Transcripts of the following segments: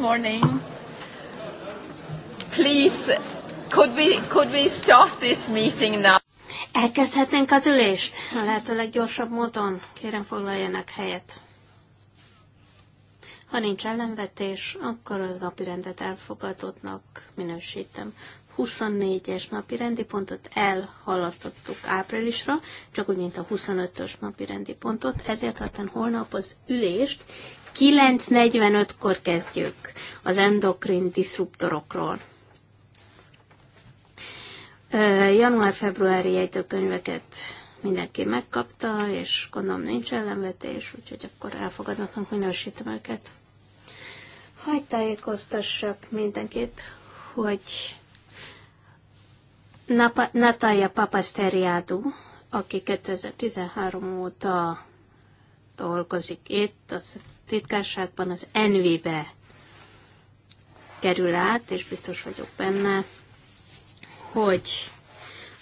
morning. Please, could we, could we start this meeting now? Elkezdhetnénk az ülést? A lehető leggyorsabb módon. Kérem foglaljanak helyet. Ha nincs ellenvetés, akkor az napirendet elfogadottnak minősítem. 24-es napirendi pontot elhalasztottuk áprilisra, csak úgy, mint a 25-ös napirendi pontot, ezért aztán holnap az ülést 9.45-kor kezdjük az endokrin diszruptorokról. Január-februári jegyzőkönyveket mindenki megkapta, és gondolom nincs ellenvetés, úgyhogy akkor elfogadatnak minősítem őket. Hogy tájékoztassak mindenkit, hogy Natalia Papasteriadu, aki 2013 óta dolgozik itt, az titkárságban az Envi-be kerül át, és biztos vagyok benne, hogy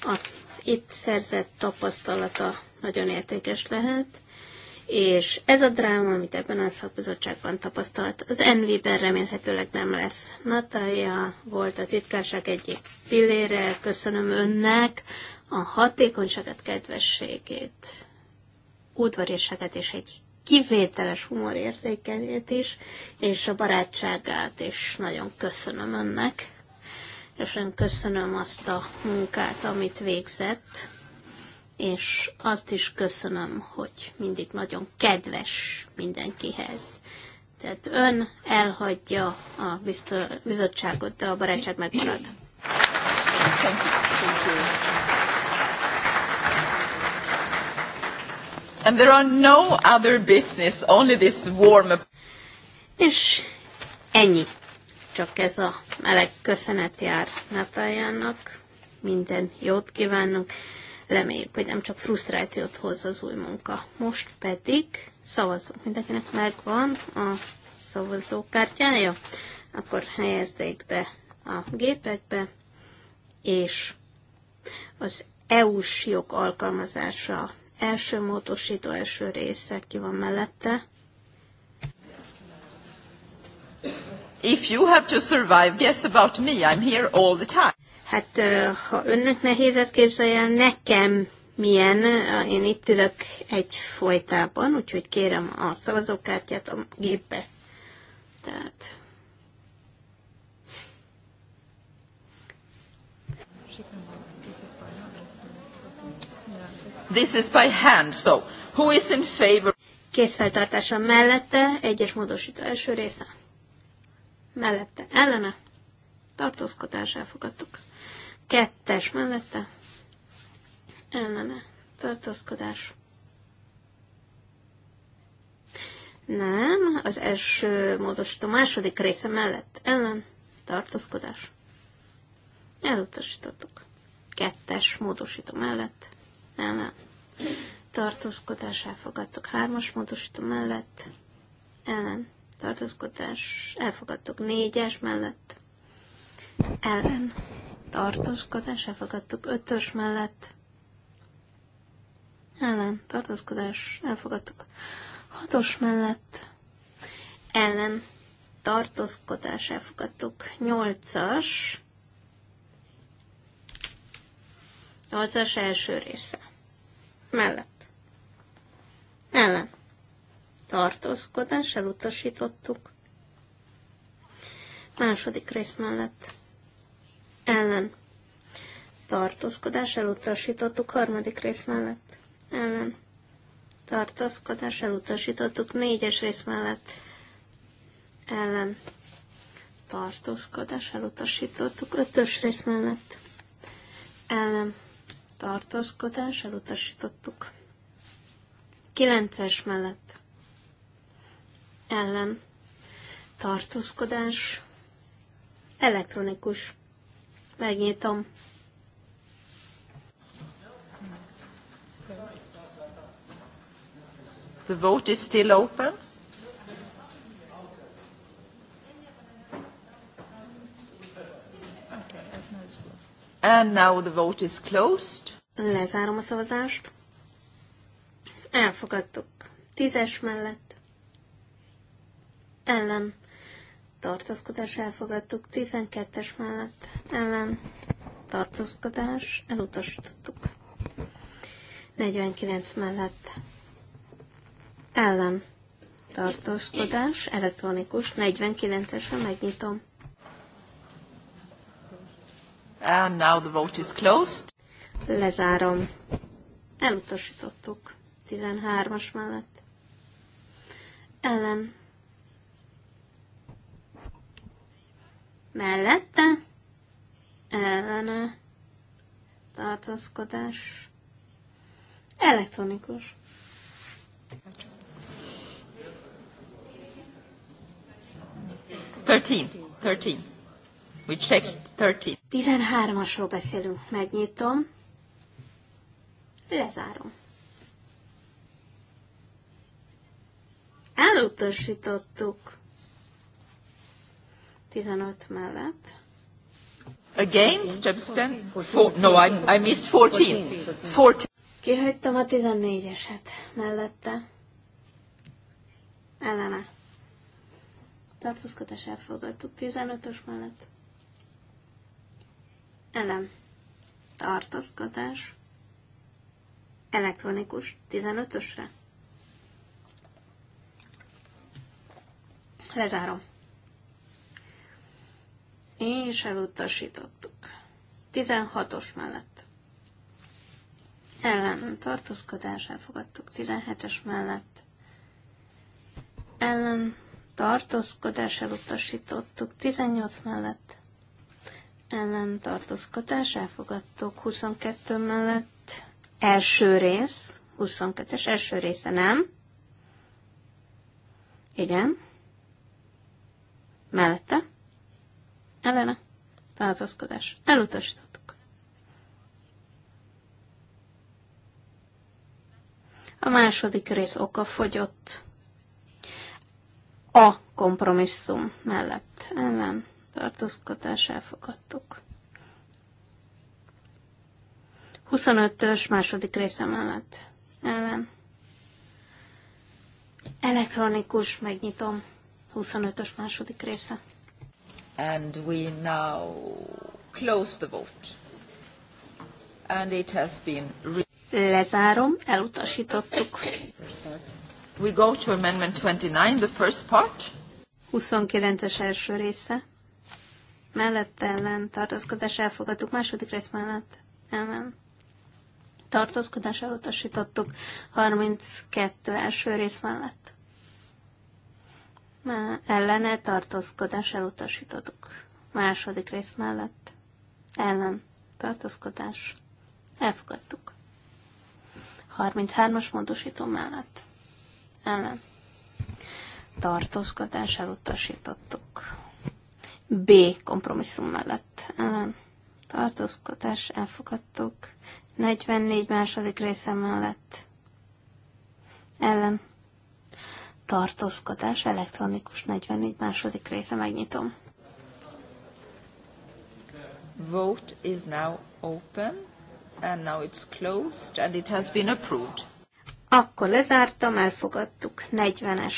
az itt szerzett tapasztalata nagyon értékes lehet, és ez a dráma, amit ebben a szakbizottságban tapasztalt, az Envi-ben remélhetőleg nem lesz. Natalia volt a titkárság egyik pillére, köszönöm önnek a hatékonyságát, kedvességét, udvariasságát és egy kivételes humorérzékenyét is, és a barátságát is nagyon köszönöm önnek, és én köszönöm azt a munkát, amit végzett, és azt is köszönöm, hogy mindig nagyon kedves mindenkihez. Tehát ön elhagyja a bizottságot, de a barátság megmarad. Thank you. Thank you. And there are no other business, only this warm up. És ennyi. Csak ez a meleg köszönet jár Natájának. Minden jót kívánunk. Reméljük, hogy nem csak frusztrációt hoz az új munka. Most pedig szavazzunk. Mindenkinek megvan a szavazókártyája. Akkor helyezdék be a gépekbe, és az EU-s jog alkalmazása Első módosító első része ki van mellette. If you have to survive, guess about me, I'm here all the time. Hát, ha önnek nehéz ezt képzelje, nekem milyen, én itt ülök egy folytában, úgyhogy kérem a szavazókártyát a gépbe. Tehát This is by hand, so who is in favor? Készfeltartása mellette, egyes módosító első része. Mellette, ellene. Tartózkodás elfogadtuk. Kettes mellette. Ellene. Tartózkodás. Nem, az első módosító második része mellett ellen tartózkodás. Elutasítottuk. Kettes módosító mellett ellen tartózkodás elfogadtok. Hármas módosító mellett ellen tartózkodás elfogadtok. Négyes mellett ellen tartózkodás elfogadtok. Ötös mellett ellen tartózkodás elfogadtok. Hatos mellett ellen tartózkodás elfogadtok Nyolcas. Nyolcas első része mellett. Ellen. Tartózkodás, elutasítottuk. Második rész mellett. Ellen. Tartózkodás, elutasítottuk. Harmadik rész mellett. Ellen. Tartózkodás, elutasítottuk. Négyes rész mellett. Ellen. Tartózkodás, elutasítottuk. Ötös rész mellett. Ellen tartózkodás, elutasítottuk. Kilences mellett ellen tartózkodás, elektronikus. Megnyitom. The vote is still open. And now the vote is closed. Lezárom a szavazást. Elfogadtuk. Tízes mellett. Ellen. Tartózkodás elfogadtuk. Tizenkettes mellett. Ellen. Tartózkodás elutasítottuk. 49 mellett. Ellen. Tartózkodás elektronikus. 49-esen megnyitom. And now the vote is closed. Lezárom. Elutasítottuk. 13-as mellett. Ellen. Mellette. Ellene. Tartózkodás. Elektronikus. Thirteen. Thirteen. We check 13. 13-asról beszélünk. Megnyitom. Lezárom. Elutasítottuk. 15 mellett. Against, abstain, for, no, I, I missed 14. 14. Kihagytam a 14-eset mellette. Ellene. Tartózkodás elfogadtuk 15-ös mellett elem, tartozkodás, elektronikus 15-ösre. Lezárom. És elutasítottuk. 16-os mellett. Ellen tartózkodás elfogadtuk. 17-es mellett. Ellen tartózkodás elutasítottuk. 18 mellett ellen tartózkodás, elfogadtuk 22 mellett első rész, 22-es első része nem. Igen. Mellette. Ellene. Tartózkodás. Elutasítottuk. A második rész oka fogyott. A kompromisszum mellett. Ellen tartózkodás elfogadtuk. 25-ös második része mellett ellen. Elektronikus, megnyitom. 25-ös második része. And we now close the vote. And it has been Lezárom, elutasítottuk. We go to amendment 29, the first part. 29-es első része mellett ellen tartózkodás elfogadtuk, második rész mellett ellen tartózkodás elutasítottuk, 32 első rész mellett ellene tartózkodás elutasítottuk, második rész mellett ellen tartózkodás elfogadtuk, 33-as módosító mellett ellen tartózkodás elutasítottuk. B kompromisszum mellett ellen tartózkodás elfogadtuk. 44 második része mellett ellen tartózkodás elektronikus 44 második része megnyitom. Vote is now open and now it's closed and it has been approved. Akkor lezártam, elfogadtuk 40-es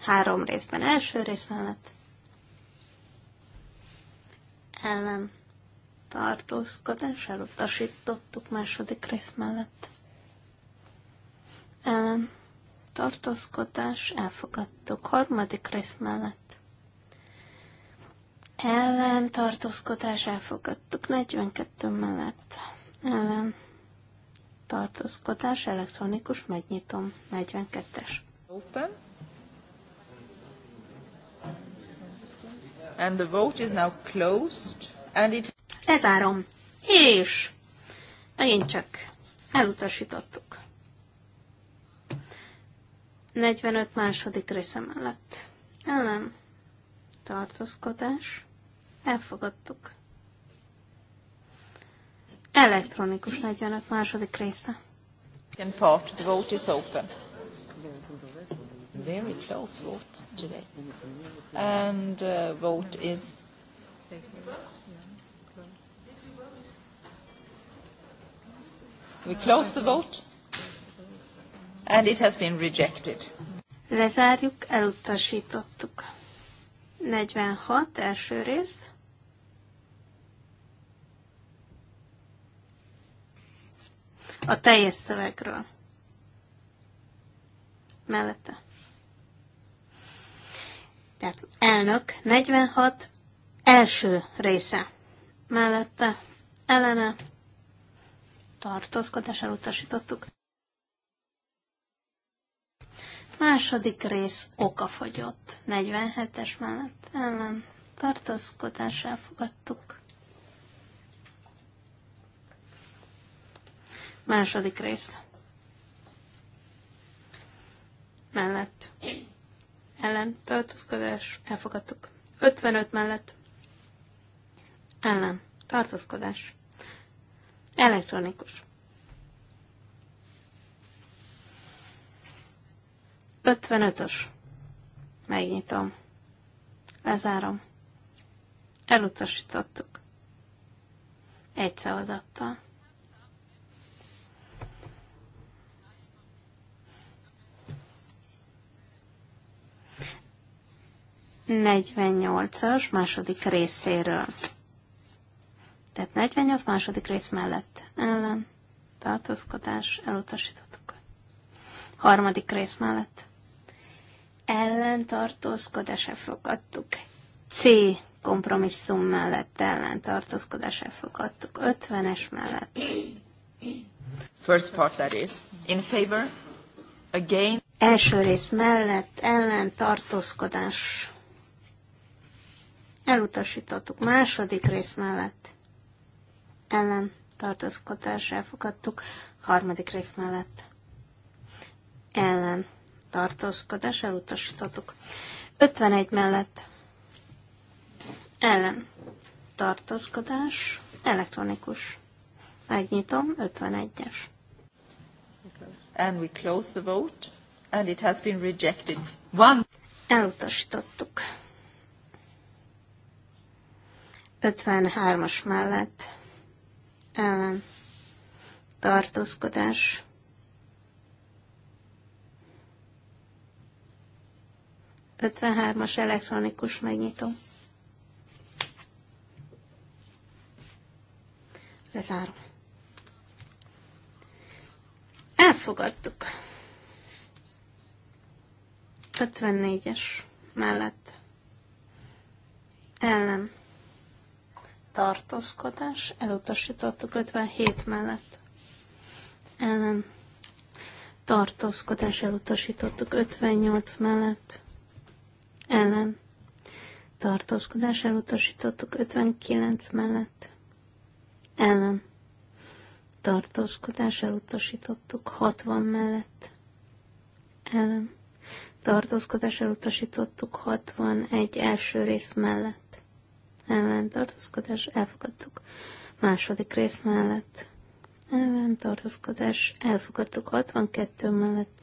három részben első rész mellett ellen tartózkodására utasítottuk második rész mellett. Ellen tartózkodás elfogadtuk harmadik rész mellett. Ellen tartózkodás elfogadtuk 42 mellett. Ellen tartózkodás elektronikus megnyitom 42-es. Open. And the vote is now closed. And it... Lezárom. És megint csak elutasítottuk. 45 második része mellett. Ellen. Tartózkodás. Elfogadtuk. Elektronikus 45 második része. Can Part. The vote is open very close vote today. And uh, vote is. We close the vote. And it has been rejected. Lezárjuk, elutasítottuk. 46, első rész. A teljes szövegről. Mellette. Tehát elnök 46 első része mellette ellene tartózkodás elutasítottuk. Második rész okafogyott. 47-es mellett ellen tartózkodás elfogadtuk. Második rész mellett ellen tartózkodás elfogadtuk. 55 mellett ellen tartózkodás elektronikus. 55-ös. Megnyitom. Lezárom. Elutasítottuk. Egy szavazattal. 48-as második részéről. Tehát 48 második rész mellett ellen tartózkodás elutasítottuk. Harmadik rész mellett ellen tartózkodás elfogadtuk. C kompromisszum mellett ellen tartózkodás elfogadtuk. 50-es mellett. First part that is. In favor. Again. Első rész mellett ellen tartózkodás Elutasítottuk második rész mellett. Ellen tartózkodás elfogadtuk harmadik rész mellett. Ellen tartózkodás elutasítottuk. 51 mellett. Ellen tartózkodás elektronikus. Megnyitom, 51-es. And we close the vote, and it has been rejected. One. Elutasítottuk. 53-as mellett ellen tartózkodás. hármas elektronikus megnyitó. Lezárom. Elfogadtuk. 54-es mellett. Ellen tartózkodás, elutasítottuk 57 mellett ellen tartózkodás, elutasítottuk 58 mellett ellen tartózkodás, elutasítottuk 59 mellett ellen tartózkodás, elutasítottuk 60 mellett ellen tartózkodás, elutasítottuk 61 első rész mellett ellen tartózkodás elfogadtuk. Második rész mellett ellen tartózkodás elfogadtuk. 62 mellett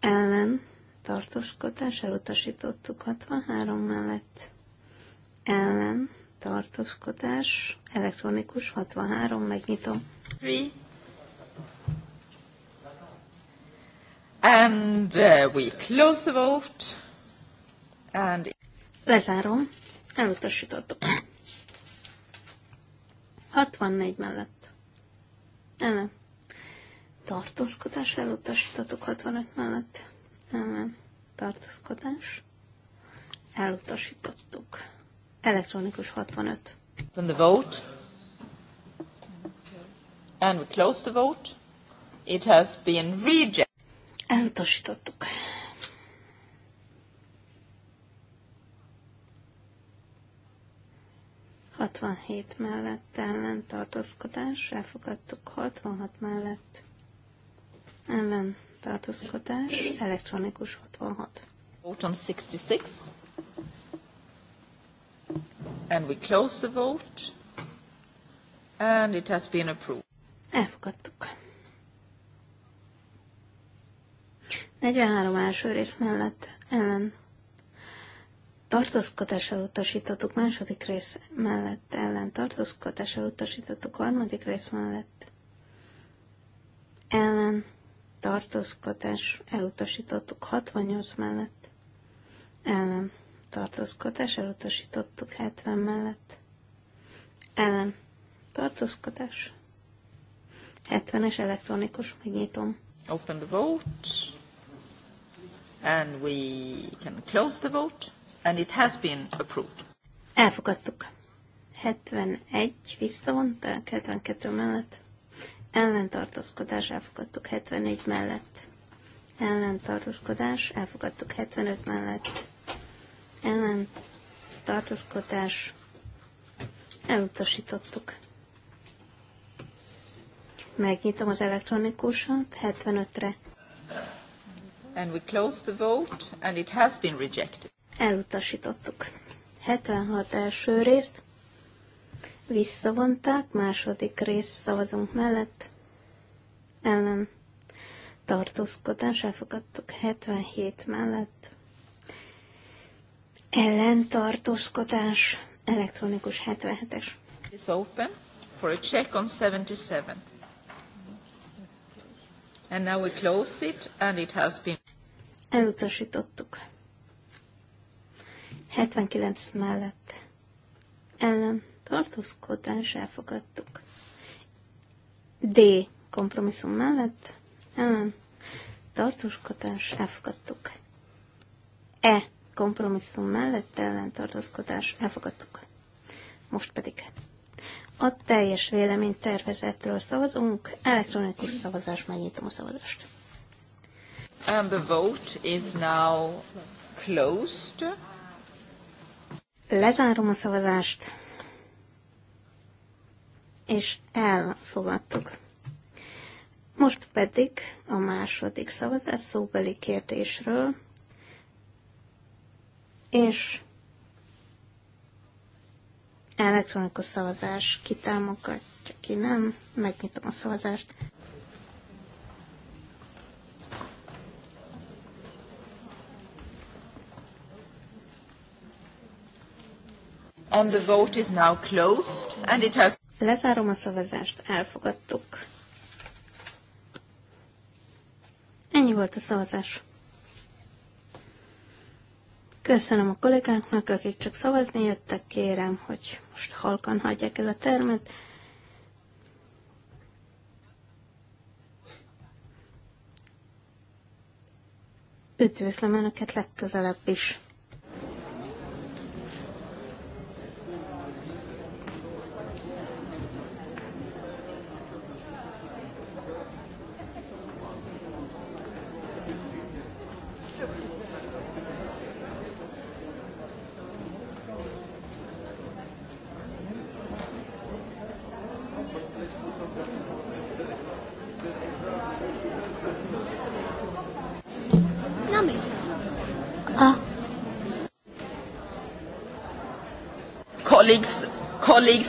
ellen tartózkodás elutasítottuk. 63 mellett ellen tartózkodás elektronikus 63 megnyitom. Three. And uh, we close the vote. And... Lezárom elutasítottuk. 64 mellett. Ellen. Tartózkodás elutasítottuk 65 mellett. Ellen. Tartózkodás. Elutasítottuk. Elektronikus 65. Then the vote. And we close the vote. It has been rejected. Elutasítottuk. 67 mellett ellen tartózkodás, elfogadtuk 66 mellett ellen tartózkodás, elektronikus 66. Vote on 66. And we close the vote. And it has been approved. Elfogadtuk. 43 első rész mellett ellen tartózkodás elutasítottuk, második rész mellett ellen tartózkodás elutasítottuk, harmadik rész mellett ellen tartózkodás elutasítottuk, 68 mellett ellen tartózkodás elutasítottuk, 70 mellett ellen tartózkodás 70-es elektronikus, megnyitom. Open the vote and we can close the vote and it has been approved. Elfogadtuk. 71 visszavonta, 72 mellett. Ellentartózkodás elfogadtuk 74 mellett. Ellentartózkodás elfogadtuk 75 mellett. Ellentartózkodás elutasítottuk. Megnyitom az elektronikusat 75-re. And we close the vote, and it has been rejected elutasítottuk. 76 első rész, visszavonták, második rész szavazunk mellett, ellen tartózkodás, elfogadtuk 77 mellett, ellen tartózkodás, elektronikus 77-es. It's open for a check on 77. And now we close it, and it has been... Elutasítottuk. 79 mellett ellen tartózkodás elfogadtuk. D. Kompromisszum mellett ellen tartózkodás elfogadtuk. E. Kompromisszum mellett ellen tartózkodás elfogadtuk. Most pedig a teljes tervezetről szavazunk, elektronikus szavazás, megnyitom a szavazást. And the vote is now closed. Lezárom a szavazást, és elfogadtuk. Most pedig a második szavazás szóbeli kérdésről, és elektronikus szavazás, ki támogatja, ki nem, megnyitom a szavazást. And the vote is now closed, and it has... Lezárom a szavazást, elfogadtuk. Ennyi volt a szavazás. Köszönöm a kollégáknak, akik csak szavazni jöttek, kérem, hogy most halkan hagyják el a termet. Üdvözlöm Önöket legközelebb is!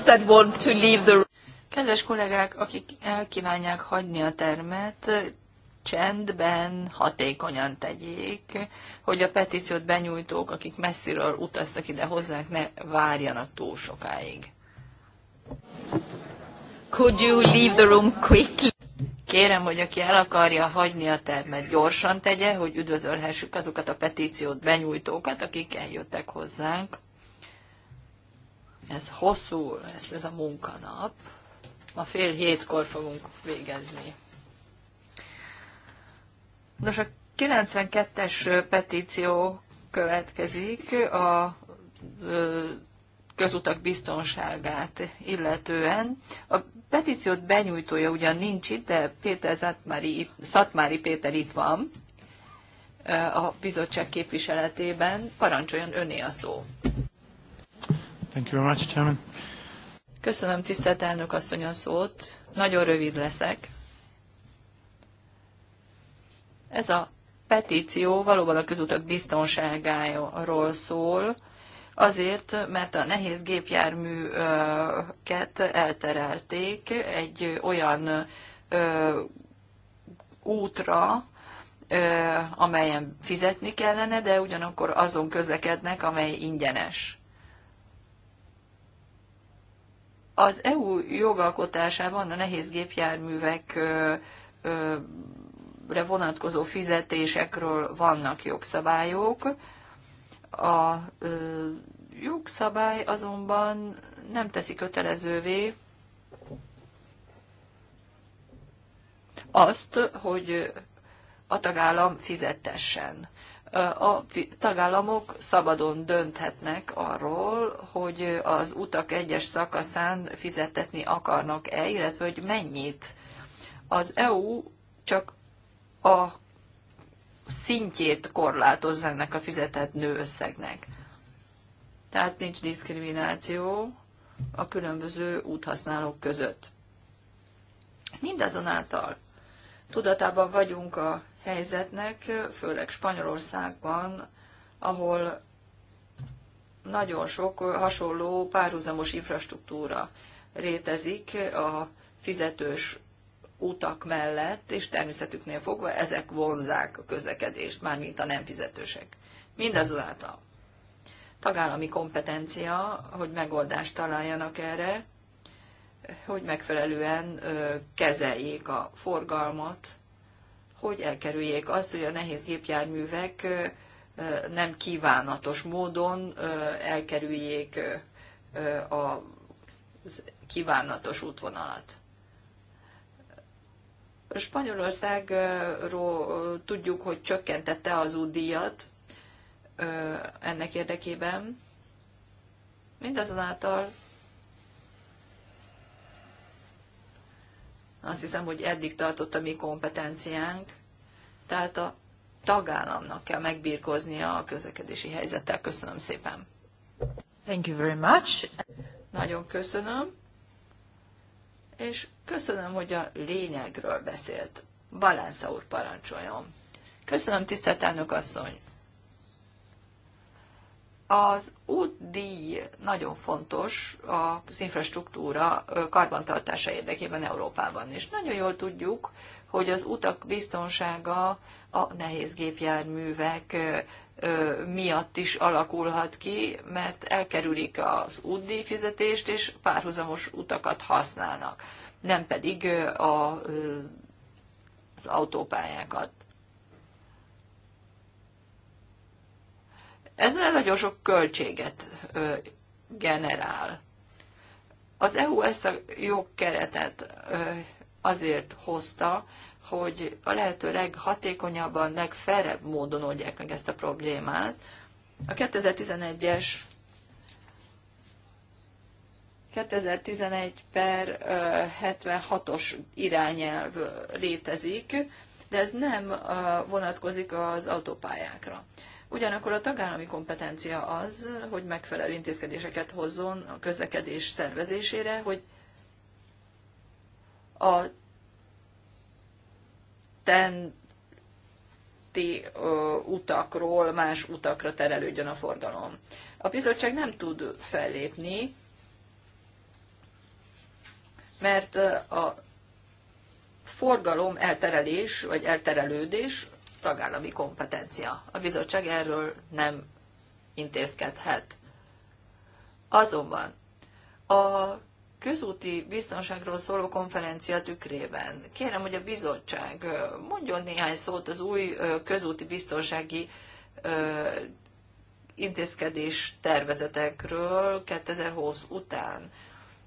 that want to leave the Kedves kollégák, akik elkívánják hagyni a termet, csendben, hatékonyan tegyék, hogy a petíciót benyújtók, akik messziről utaztak ide hozzánk, ne várjanak túl sokáig. Could you leave the room quickly? Kérem, hogy aki el akarja hagyni a termet, gyorsan tegye, hogy üdvözölhessük azokat a petíciót benyújtókat, akik eljöttek hozzánk ez hosszú lesz ez a munkanap. Ma fél hétkor fogunk végezni. Nos, a 92-es petíció következik a közutak biztonságát illetően. A petíciót benyújtója ugyan nincs itt, de Péter Zatmári, Szatmári Péter itt van a bizottság képviseletében. Parancsoljon öné a szó. Thank you very much, Chairman. Köszönöm, tisztelt elnök asszony a szót. Nagyon rövid leszek. Ez a petíció valóban a közutak biztonságáról szól, azért, mert a nehéz gépjárműket elterelték egy olyan útra, amelyen fizetni kellene, de ugyanakkor azon közlekednek, amely ingyenes. Az EU jogalkotásában a nehéz gépjárművekre vonatkozó fizetésekről vannak jogszabályok. A jogszabály azonban nem teszi kötelezővé azt, hogy a tagállam fizettessen a tagállamok szabadon dönthetnek arról, hogy az utak egyes szakaszán fizetetni akarnak-e, illetve hogy mennyit. Az EU csak a szintjét korlátozza ennek a fizetetnő összegnek. Tehát nincs diszkrimináció a különböző úthasználók között. Mindazonáltal tudatában vagyunk a helyzetnek, főleg Spanyolországban, ahol nagyon sok hasonló párhuzamos infrastruktúra létezik a fizetős utak mellett, és természetüknél fogva ezek vonzák a közlekedést, mármint a nem fizetősek. Mindazonáltal tagállami kompetencia, hogy megoldást találjanak erre, hogy megfelelően kezeljék a forgalmat hogy elkerüljék azt, hogy a nehéz gépjárművek nem kívánatos módon elkerüljék a kívánatos útvonalat. Spanyolországról tudjuk, hogy csökkentette az útdíjat ennek érdekében. Mindazonáltal Azt hiszem, hogy eddig tartott a mi kompetenciánk, tehát a tagállamnak kell megbírkoznia a közlekedési helyzettel. Köszönöm szépen. Thank you very much. Nagyon köszönöm, és köszönöm, hogy a lényegről beszélt. Balánsza úr parancsoljon. Köszönöm, tisztelt elnök asszony. Az útdíj nagyon fontos az infrastruktúra karbantartása érdekében Európában, is. nagyon jól tudjuk, hogy az utak biztonsága a nehéz gépjárművek miatt is alakulhat ki, mert elkerülik az útdíj fizetést, és párhuzamos utakat használnak, nem pedig a, az autópályákat. Ezzel nagyon sok költséget generál. Az EU ezt a jogkeretet azért hozta, hogy a lehető leghatékonyabban, legfelebb módon oldják meg ezt a problémát. A 2011-es 2011 per 76-os irányelv létezik, de ez nem vonatkozik az autópályákra. Ugyanakkor a tagállami kompetencia az, hogy megfelelő intézkedéseket hozzon a közlekedés szervezésére, hogy a tenti utakról más utakra terelődjön a forgalom. A bizottság nem tud fellépni, mert a forgalom elterelés vagy elterelődés tagállami kompetencia. A bizottság erről nem intézkedhet. Azonban a közúti biztonságról szóló konferencia tükrében kérem, hogy a bizottság mondjon néhány szót az új közúti biztonsági intézkedés tervezetekről 2020 után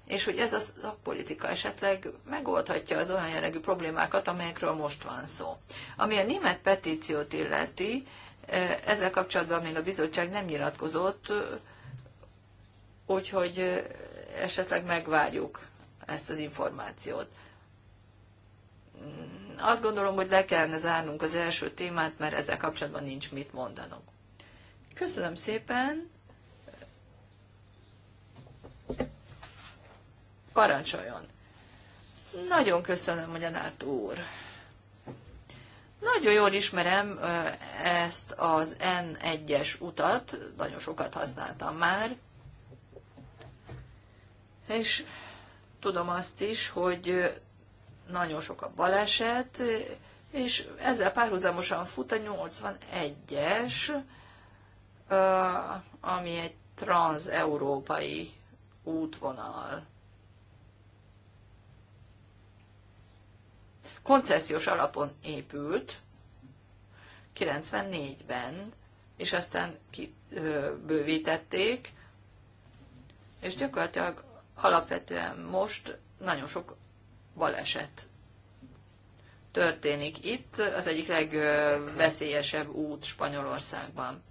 és hogy ez a szakpolitika esetleg megoldhatja az olyan jellegű problémákat, amelyekről most van szó. Ami a német petíciót illeti, e, ezzel kapcsolatban még a bizottság nem nyilatkozott, e, úgyhogy e, esetleg megvárjuk ezt az információt. Azt gondolom, hogy le kellene zárnunk az első témát, mert ezzel kapcsolatban nincs mit mondanom. Köszönöm szépen! Parancsoljon! Nagyon köszönöm, hogy úr! Nagyon jól ismerem ezt az N1-es utat, nagyon sokat használtam már, és tudom azt is, hogy nagyon sok a baleset, és ezzel párhuzamosan fut a 81-es, ami egy transeurópai útvonal. koncesziós alapon épült 94-ben, és aztán bővítették, és gyakorlatilag alapvetően most nagyon sok baleset történik itt, az egyik legveszélyesebb út Spanyolországban.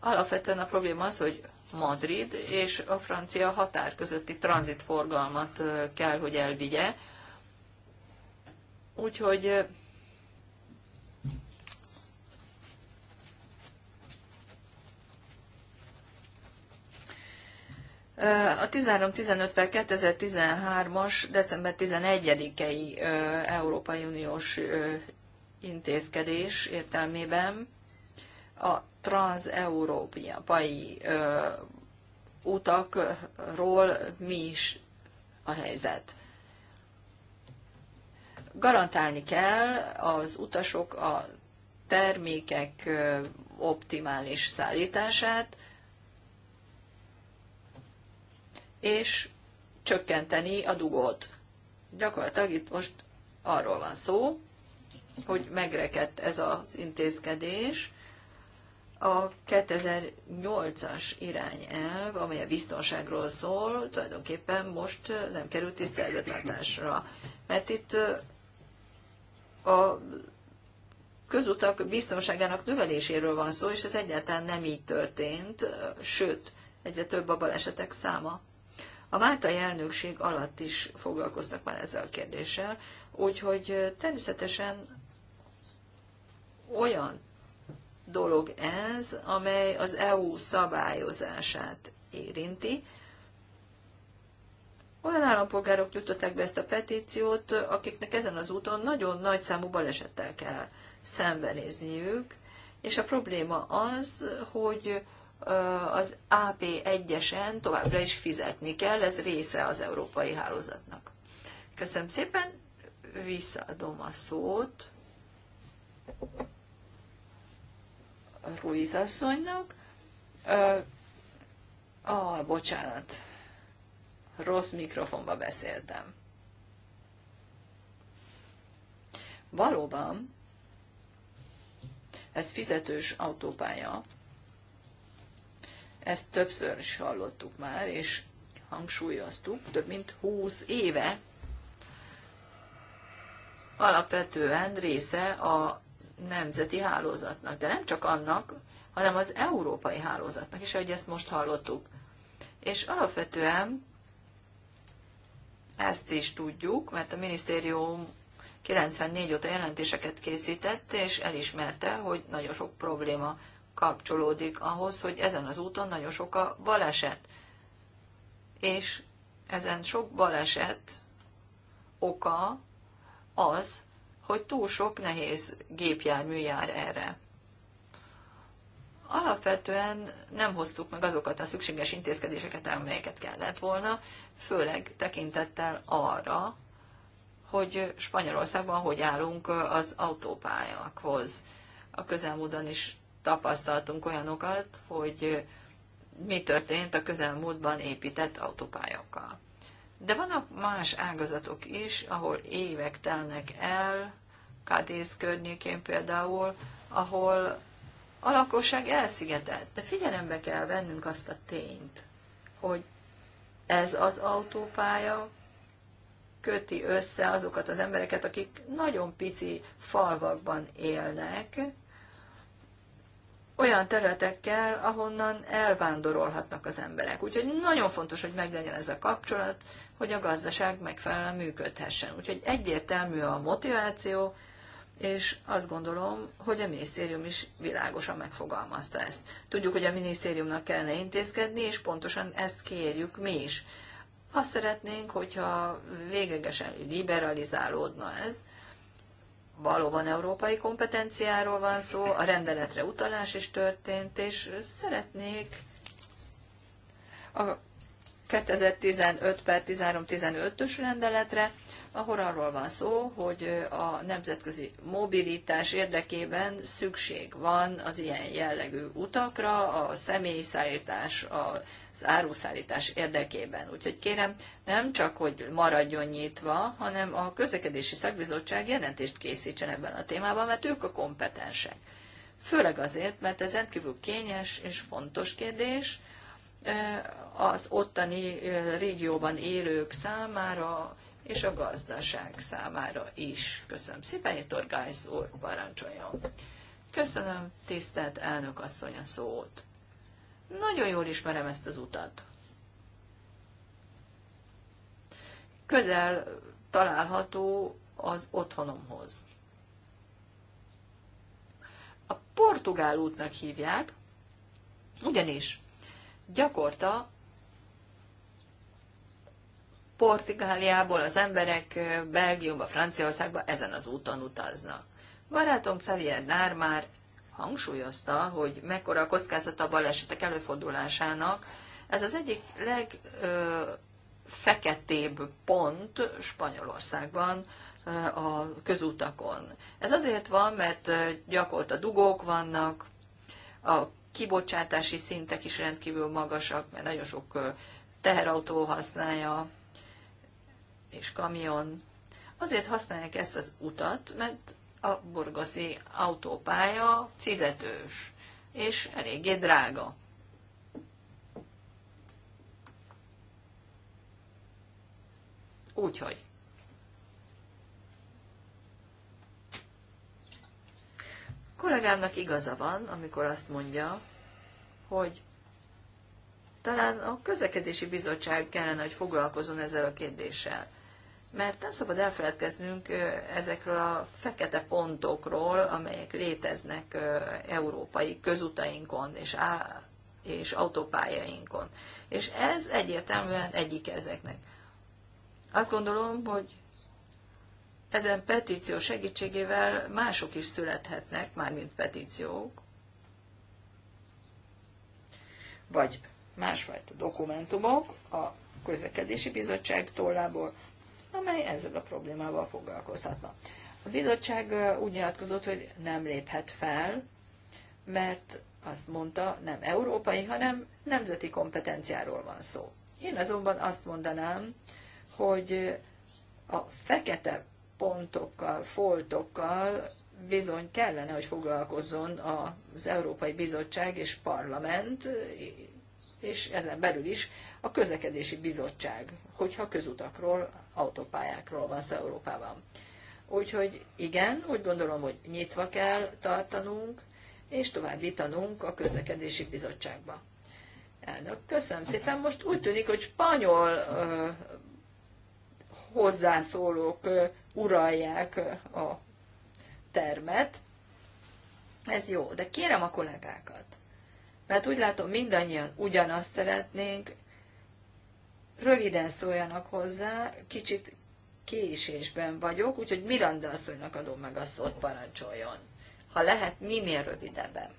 Alapvetően a probléma az, hogy Madrid és a francia határ közötti tranzitforgalmat kell, hogy elvigye, Úgyhogy A 13-15 per 2013-as december 11 ei Európai Uniós intézkedés értelmében a transeurópai utakról mi is a helyzet garantálni kell az utasok a termékek optimális szállítását, és csökkenteni a dugót. Gyakorlatilag itt most arról van szó, hogy megrekedt ez az intézkedés. A 2008-as irányelv, amely a biztonságról szól, tulajdonképpen most nem került tiszteletbetartásra, mert itt a közutak biztonságának növeléséről van szó, és ez egyáltalán nem így történt, sőt, egyre több a balesetek száma. A Máltai elnökség alatt is foglalkoztak már ezzel a kérdéssel, úgyhogy természetesen olyan dolog ez, amely az EU szabályozását érinti, olyan állampolgárok nyújtották be ezt a petíciót, akiknek ezen az úton nagyon nagy számú balesettel kell szembenézniük, és a probléma az, hogy az AP1-esen továbbra is fizetni kell, ez része az európai hálózatnak. Köszönöm szépen, visszaadom a szót Ruiz asszonynak. A bocsánat rossz mikrofonba beszéltem. Valóban, ez fizetős autópálya, ezt többször is hallottuk már, és hangsúlyoztuk, több mint 20 éve alapvetően része a nemzeti hálózatnak, de nem csak annak, hanem az európai hálózatnak is, ahogy ezt most hallottuk. És alapvetően ezt is tudjuk, mert a minisztérium 94 óta jelentéseket készített, és elismerte, hogy nagyon sok probléma kapcsolódik ahhoz, hogy ezen az úton nagyon sok a baleset. És ezen sok baleset oka az, hogy túl sok nehéz gépjármű jár erre. Alapvetően nem hoztuk meg azokat a szükséges intézkedéseket, amelyeket kellett volna, főleg tekintettel arra, hogy Spanyolországban hogy állunk az autópályákhoz. A közelmúltban is tapasztaltunk olyanokat, hogy mi történt a közelmúltban épített autópályákkal. De vannak más ágazatok is, ahol évek telnek el, Kádész környékén például, ahol a lakosság elszigetelt. De figyelembe kell vennünk azt a tényt, hogy ez az autópálya köti össze azokat az embereket, akik nagyon pici falvakban élnek, olyan területekkel, ahonnan elvándorolhatnak az emberek. Úgyhogy nagyon fontos, hogy meglegyen ez a kapcsolat, hogy a gazdaság megfelelően működhessen. Úgyhogy egyértelmű a motiváció, és azt gondolom, hogy a minisztérium is világosan megfogalmazta ezt. Tudjuk, hogy a minisztériumnak kellene intézkedni, és pontosan ezt kérjük mi is. Azt szeretnénk, hogyha véglegesen liberalizálódna ez, valóban európai kompetenciáról van szó, a rendeletre utalás is történt, és szeretnék a 2015 per 1315-ös rendeletre ahol arról van szó, hogy a nemzetközi mobilitás érdekében szükség van az ilyen jellegű utakra, a személyszállítás, az áruszállítás érdekében. Úgyhogy kérem, nem csak, hogy maradjon nyitva, hanem a közlekedési szakbizottság jelentést készítsen ebben a témában, mert ők a kompetensek. Főleg azért, mert ez rendkívül kényes és fontos kérdés eh, az ottani eh, régióban élők számára, és a gazdaság számára is. Köszönöm szépen, Jutor Gájsz úr, parancsoljon. Köszönöm, tisztelt elnök asszony a szót. Nagyon jól ismerem ezt az utat. Közel található az otthonomhoz. A portugál útnak hívják, ugyanis gyakorta Portugáliából az emberek Belgiumba, Franciaországba ezen az úton utaznak. Barátom Xavier Nár már hangsúlyozta, hogy mekkora a kockázata a balesetek előfordulásának. Ez az egyik legfeketébb pont Spanyolországban, a közutakon. Ez azért van, mert gyakorta dugók vannak, a kibocsátási szintek is rendkívül magasak, mert nagyon sok teherautó használja és kamion. Azért használják ezt az utat, mert a burgaszi autópálya fizetős, és eléggé drága. Úgyhogy. A kollégámnak igaza van, amikor azt mondja, hogy talán a közlekedési bizottság kellene, hogy foglalkozon ezzel a kérdéssel mert nem szabad elfeledkeznünk ezekről a fekete pontokról, amelyek léteznek európai közutainkon és, á, és autópályainkon. És ez egyértelműen egyik ezeknek. Azt gondolom, hogy ezen petíció segítségével mások is születhetnek, mármint petíciók, vagy másfajta dokumentumok a közlekedési bizottság tollából, amely ezzel a problémával foglalkozhatna. A bizottság úgy nyilatkozott, hogy nem léphet fel, mert azt mondta, nem európai, hanem nemzeti kompetenciáról van szó. Én azonban azt mondanám, hogy a fekete pontokkal, foltokkal bizony kellene, hogy foglalkozzon az Európai Bizottság és Parlament, és ezen belül is a közlekedési bizottság, hogyha közutakról, autópályákról van szó Európában. Úgyhogy igen, úgy gondolom, hogy nyitva kell tartanunk, és továbbítanunk a közlekedési bizottságba. Elnök, köszönöm szépen. Most úgy tűnik, hogy spanyol uh, hozzászólók uh, uralják uh, a termet. Ez jó, de kérem a kollégákat. Mert úgy látom, mindannyian ugyanazt szeretnénk, röviden szóljanak hozzá, kicsit késésben vagyok, úgyhogy Miranda asszonynak adom meg a szót, parancsoljon. Ha lehet, minél rövidebben.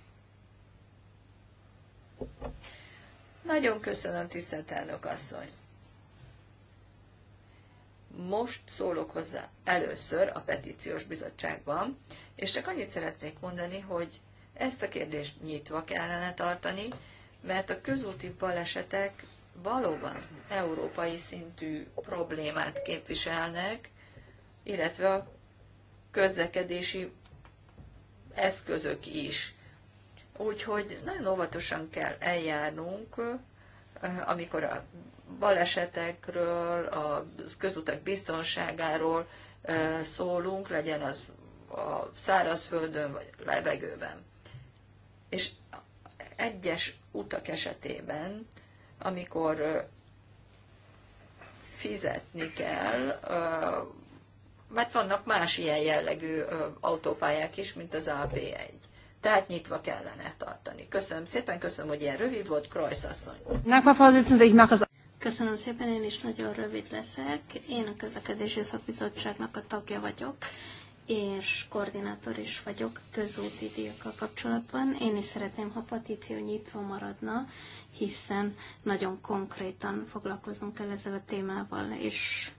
Nagyon köszönöm, tisztelt elnök asszony. Most szólok hozzá először a petíciós bizottságban, és csak annyit szeretnék mondani, hogy ezt a kérdést nyitva kellene tartani, mert a közúti balesetek valóban európai szintű problémát képviselnek, illetve a közlekedési eszközök is. Úgyhogy nagyon óvatosan kell eljárnunk, eh, amikor a balesetekről, a közutak biztonságáról eh, szólunk, legyen az a szárazföldön vagy levegőben. És egyes utak esetében amikor fizetni kell, mert vannak más ilyen jellegű autópályák is, mint az AB 1 Tehát nyitva kellene tartani. Köszönöm szépen, köszönöm, hogy ilyen rövid volt, Krajsz asszony. Köszönöm szépen, én is nagyon rövid leszek. Én a közlekedési szakbizottságnak a tagja vagyok, és koordinátor is vagyok közúti díjakkal kapcsolatban. Én is szeretném, ha petíció nyitva maradna, hiszen nagyon konkrétan foglalkozunk el ezzel a témával, és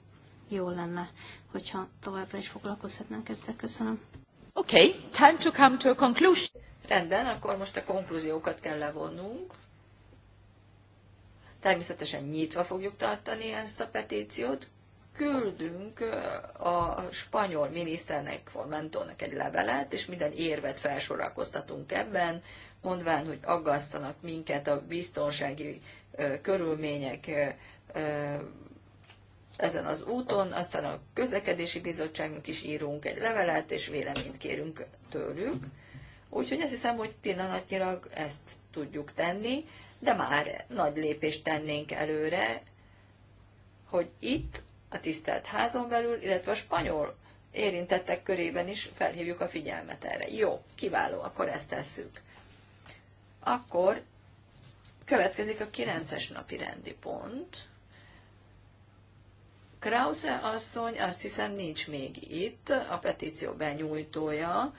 jó lenne, hogyha továbbra is foglalkozhatnánk ezzel. Köszönöm. Okay, time to come to a conclusion. Rendben, akkor most a konklúziókat kell levonnunk. Természetesen nyitva fogjuk tartani ezt a petíciót, küldünk a spanyol miniszternek, Formentónak egy levelet, és minden érvet felsorakoztatunk ebben, mondván, hogy aggasztanak minket a biztonsági körülmények ezen az úton, aztán a közlekedési bizottságnak is írunk egy levelet, és véleményt kérünk tőlük. Úgyhogy azt hiszem, hogy pillanatnyilag ezt tudjuk tenni, de már nagy lépést tennénk előre, hogy itt a tisztelt házon belül, illetve a spanyol érintettek körében is felhívjuk a figyelmet erre. Jó, kiváló, akkor ezt tesszük. Akkor következik a 9-es napi rendi pont. Krause asszony azt hiszem nincs még itt, a petíció benyújtója.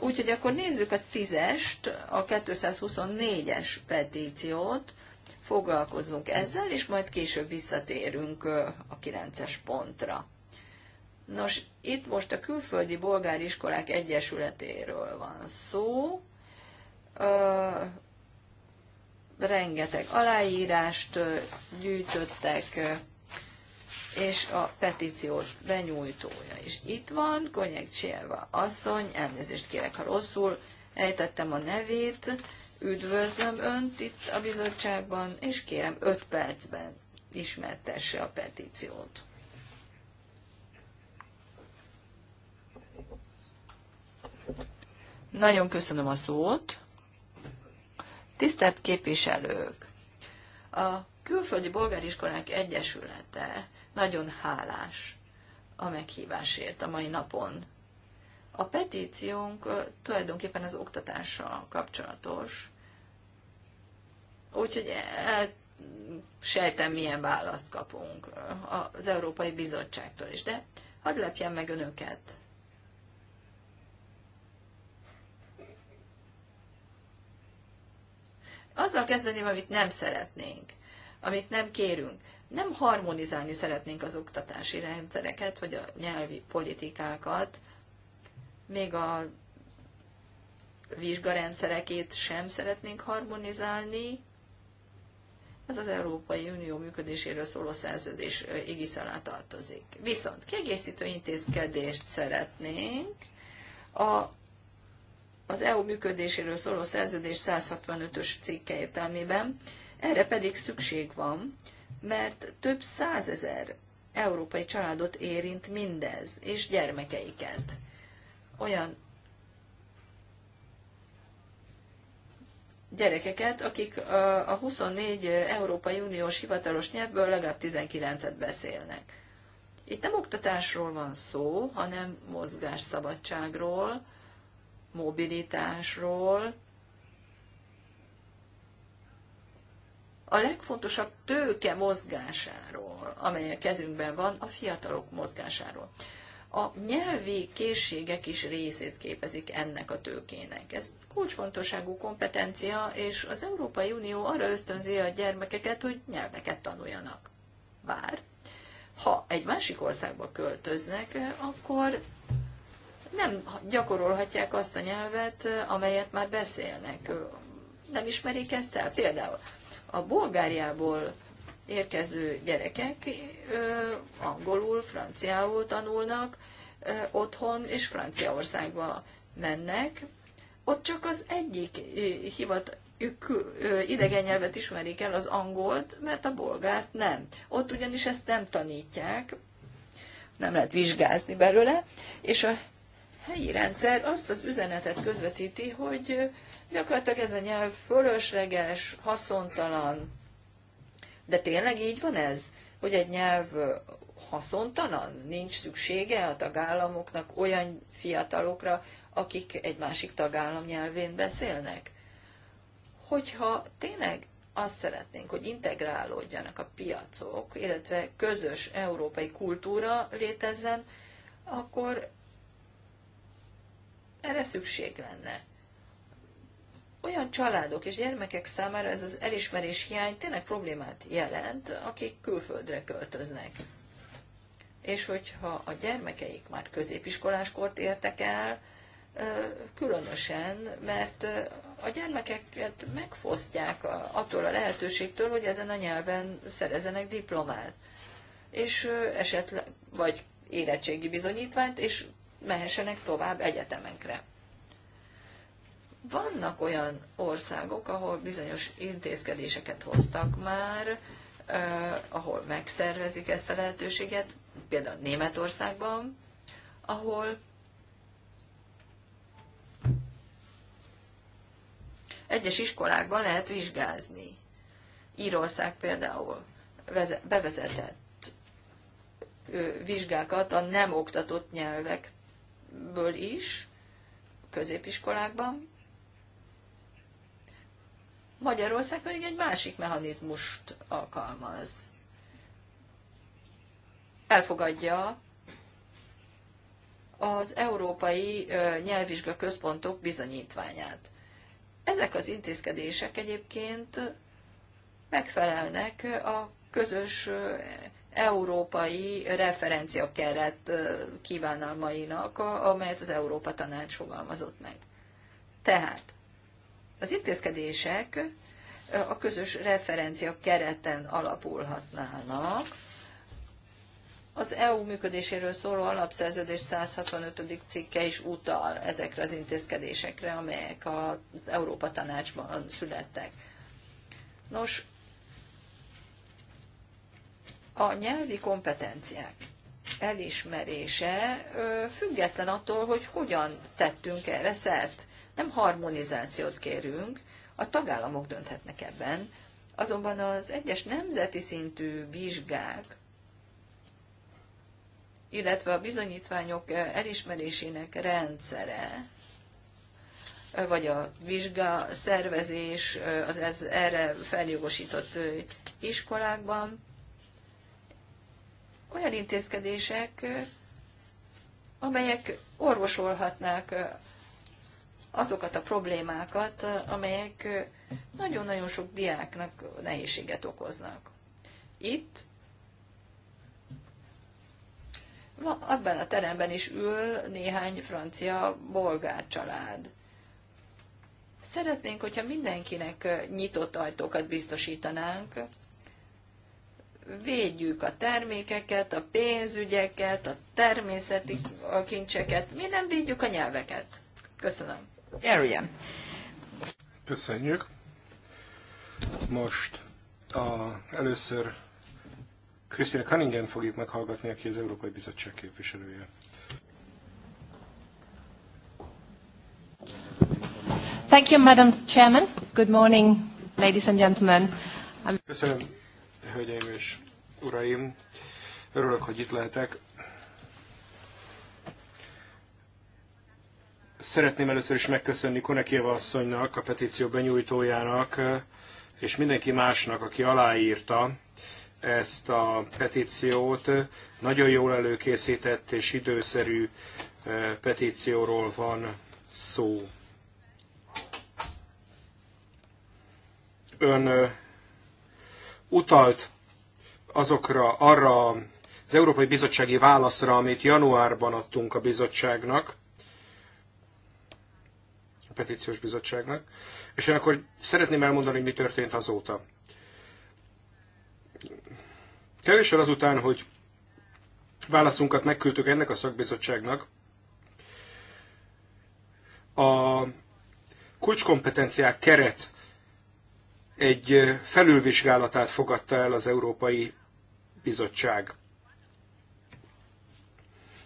Úgyhogy akkor nézzük a 10-est, a 224-es petíciót, foglalkozunk ezzel, és majd később visszatérünk a 9-es pontra. Nos, itt most a külföldi bolgár iskolák egyesületéről van szó. Ö, rengeteg aláírást gyűjtöttek, és a petíciót benyújtója is itt van, Konyek Csieva asszony, elnézést kérek, ha rosszul ejtettem a nevét, Üdvözlöm Önt itt a bizottságban, és kérem 5 percben ismertesse a petíciót. Nagyon köszönöm a szót. Tisztelt képviselők! A Külföldi Bolgáriskolák Egyesülete nagyon hálás a meghívásért a mai napon a petíciónk tulajdonképpen az oktatással kapcsolatos, úgyhogy el, e, sejtem, milyen választ kapunk az Európai Bizottságtól is, de hadd lepjen meg önöket. Azzal kezdeném, amit nem szeretnénk, amit nem kérünk. Nem harmonizálni szeretnénk az oktatási rendszereket, vagy a nyelvi politikákat, még a vizsgarendszerekét sem szeretnénk harmonizálni. Ez az Európai Unió működéséről szóló szerződés égisz alá tartozik. Viszont kiegészítő intézkedést szeretnénk a, az EU működéséről szóló szerződés 165-ös cikke értelmében. Erre pedig szükség van, mert több százezer európai családot érint mindez, és gyermekeiket olyan gyerekeket, akik a 24 Európai Uniós hivatalos nyelvből legalább 19-et beszélnek. Itt nem oktatásról van szó, hanem mozgásszabadságról, mobilitásról. A legfontosabb tőke mozgásáról, amely a kezünkben van, a fiatalok mozgásáról a nyelvi készségek is részét képezik ennek a tőkének. Ez kulcsfontosságú kompetencia, és az Európai Unió arra ösztönzi a gyermekeket, hogy nyelveket tanuljanak. Bár, ha egy másik országba költöznek, akkor nem gyakorolhatják azt a nyelvet, amelyet már beszélnek. Nem ismerik ezt el. Például a Bulgáriából érkező gyerekek angolul, franciául tanulnak otthon, és Franciaországba mennek. Ott csak az egyik hivat, ők idegen nyelvet ismerik el, az angolt, mert a bolgárt nem. Ott ugyanis ezt nem tanítják, nem lehet vizsgázni belőle, és a helyi rendszer azt az üzenetet közvetíti, hogy gyakorlatilag ez a nyelv fölösleges, haszontalan, de tényleg így van ez? Hogy egy nyelv haszontalan? Nincs szüksége a tagállamoknak olyan fiatalokra, akik egy másik tagállam nyelvén beszélnek? Hogyha tényleg azt szeretnénk, hogy integrálódjanak a piacok, illetve közös európai kultúra létezzen, akkor erre szükség lenne olyan családok és gyermekek számára ez az elismerés hiány tényleg problémát jelent, akik külföldre költöznek. És hogyha a gyermekeik már középiskoláskort értek el, különösen, mert a gyermekeket megfosztják attól a lehetőségtől, hogy ezen a nyelven szerezenek diplomát, és esetleg, vagy érettségi bizonyítványt, és mehessenek tovább egyetemekre. Vannak olyan országok, ahol bizonyos intézkedéseket hoztak már, ahol megszervezik ezt a lehetőséget, például Németországban, ahol egyes iskolákban lehet vizsgázni. Írország például bevezetett vizsgákat a nem oktatott nyelvekből is, középiskolákban, Magyarország pedig egy másik mechanizmust alkalmaz. Elfogadja az Európai Nyelvvizsga Központok bizonyítványát. Ezek az intézkedések egyébként megfelelnek a közös európai referenciakeret kívánalmainak, amelyet az Európa Tanács fogalmazott meg. Tehát az intézkedések a közös referencia kereten alapulhatnának. Az EU működéséről szóló alapszerződés 165. cikke is utal ezekre az intézkedésekre, amelyek az Európa Tanácsban születtek. Nos, a nyelvi kompetenciák elismerése független attól, hogy hogyan tettünk erre szert. Nem harmonizációt kérünk, a tagállamok dönthetnek ebben, azonban az egyes nemzeti szintű vizsgák, illetve a bizonyítványok eh, elismerésének rendszere, eh, vagy a vizsga szervezés eh, az ez, erre feljogosított iskolákban, olyan intézkedések, amelyek orvosolhatnák azokat a problémákat, amelyek nagyon-nagyon sok diáknak nehézséget okoznak. Itt abban a teremben is ül néhány francia-bolgár család. Szeretnénk, hogyha mindenkinek nyitott ajtókat biztosítanánk, védjük a termékeket, a pénzügyeket, a természeti kincseket, mi nem védjük a nyelveket. Köszönöm. Arian. Köszönjük. Most a, először Krisztina Cunningham fogjuk meghallgatni, aki az Európai Bizottság képviselője. Thank you, Madam Chairman. Good morning, ladies and gentlemen. I'm... Köszönöm, hölgyeim és uraim. Örülök, hogy itt lehetek. Szeretném először is megköszönni Konekieva asszonynak, a petíció benyújtójának, és mindenki másnak, aki aláírta ezt a petíciót. Nagyon jól előkészített és időszerű eh, petícióról van szó. Ön eh, utalt azokra, arra az Európai Bizottsági válaszra, amit januárban adtunk a bizottságnak, petíciós bizottságnak. És én akkor szeretném elmondani, hogy mi történt azóta. Kevéssel azután, hogy válaszunkat megküldtük ennek a szakbizottságnak, a kulcskompetenciák keret egy felülvizsgálatát fogadta el az Európai Bizottság.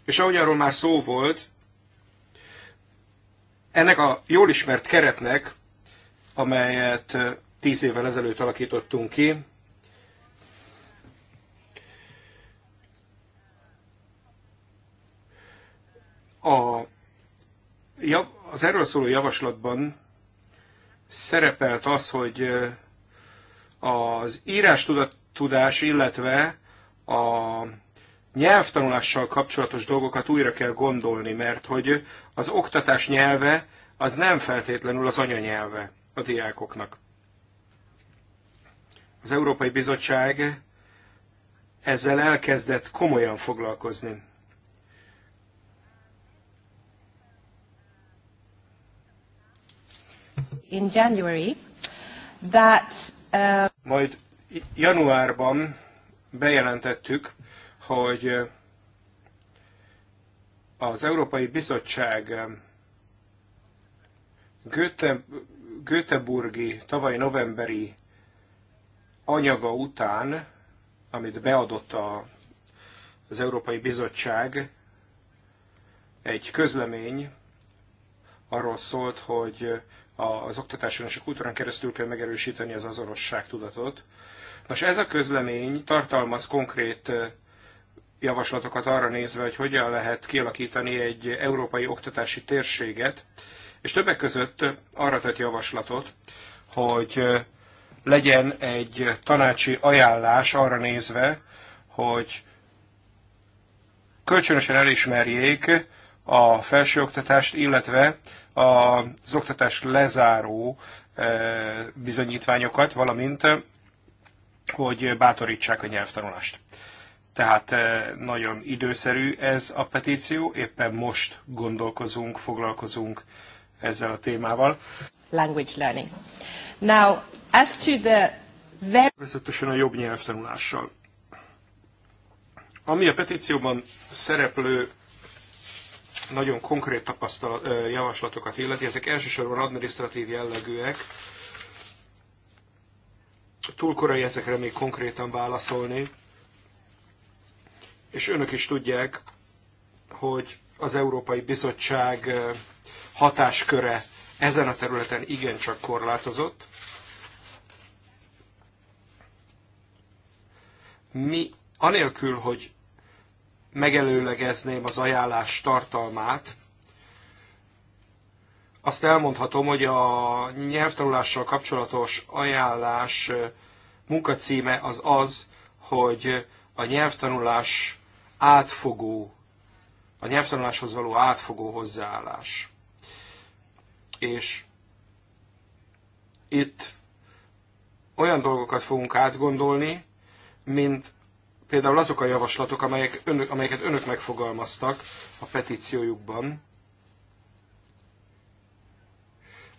És ahogy arról már szó volt, ennek a jól ismert keretnek, amelyet tíz évvel ezelőtt alakítottunk ki, a, az erről szóló javaslatban szerepelt az, hogy az írás tudás, illetve a nyelvtanulással kapcsolatos dolgokat újra kell gondolni, mert hogy az oktatás nyelve az nem feltétlenül az anyanyelve a diákoknak. Az Európai Bizottság ezzel elkezdett komolyan foglalkozni. In January, that, uh... Majd januárban bejelentettük, hogy eh, az Európai Bizottság eh, Göte, Göteborgi tavaly novemberi anyaga után, amit beadott a, az Európai Bizottság, egy közlemény arról szólt, hogy eh, az oktatáson és a kultúrán keresztül kell megerősíteni az tudatot. Nos, ez a közlemény tartalmaz konkrét javaslatokat arra nézve, hogy hogyan lehet kialakítani egy európai oktatási térséget, és többek között arra tett javaslatot, hogy legyen egy tanácsi ajánlás arra nézve, hogy kölcsönösen elismerjék a felsőoktatást, illetve az oktatás lezáró eh, bizonyítványokat, valamint hogy bátorítsák a nyelvtanulást. Tehát eh, nagyon időszerű ez a petíció, éppen most gondolkozunk, foglalkozunk ezzel a témával. Language learning. Now, as to the very... Vezetősen a jobb nyelvtanulással. Ami a petícióban szereplő nagyon konkrét tapasztalat, eh, javaslatokat illeti, ezek elsősorban administratív jellegűek. Túl korai ezekre még konkrétan válaszolni és önök is tudják, hogy az Európai Bizottság hatásköre ezen a területen igencsak korlátozott. Mi, anélkül, hogy megelőlegezném az ajánlás tartalmát, azt elmondhatom, hogy a nyelvtanulással kapcsolatos ajánlás munkacíme az az, hogy a nyelvtanulás átfogó, a nyelvtanuláshoz való átfogó hozzáállás. És itt olyan dolgokat fogunk átgondolni, mint például azok a javaslatok, amelyek önök, amelyeket önök megfogalmaztak a petíciójukban.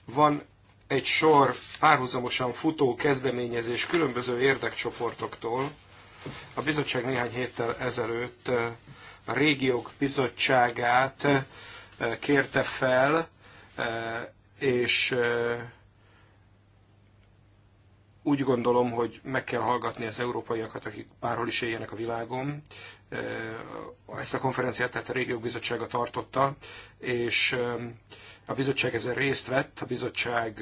Van egy sor párhuzamosan futó kezdeményezés különböző érdekcsoportoktól, a bizottság néhány héttel ezelőtt a régiók bizottságát kérte fel, és úgy gondolom, hogy meg kell hallgatni az európaiakat, akik bárhol is éljenek a világon. Ezt a konferenciát tehát a Régiók Bizottsága tartotta, és a bizottság ezen részt vett, a bizottság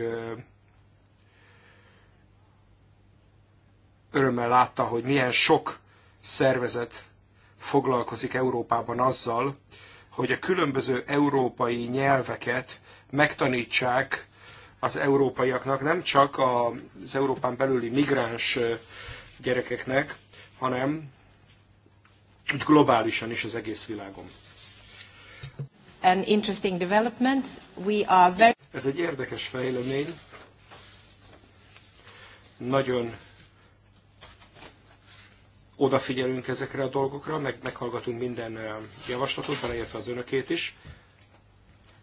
örömmel látta, hogy milyen sok szervezet foglalkozik Európában azzal, hogy a különböző európai nyelveket megtanítsák az európaiaknak, nem csak az Európán belüli migráns gyerekeknek, hanem úgy globálisan is az egész világon. An interesting development. We are very... Ez egy érdekes fejlemény. Nagyon odafigyelünk ezekre a dolgokra, meg meghallgatunk minden javaslatot, beleértve az önökét is,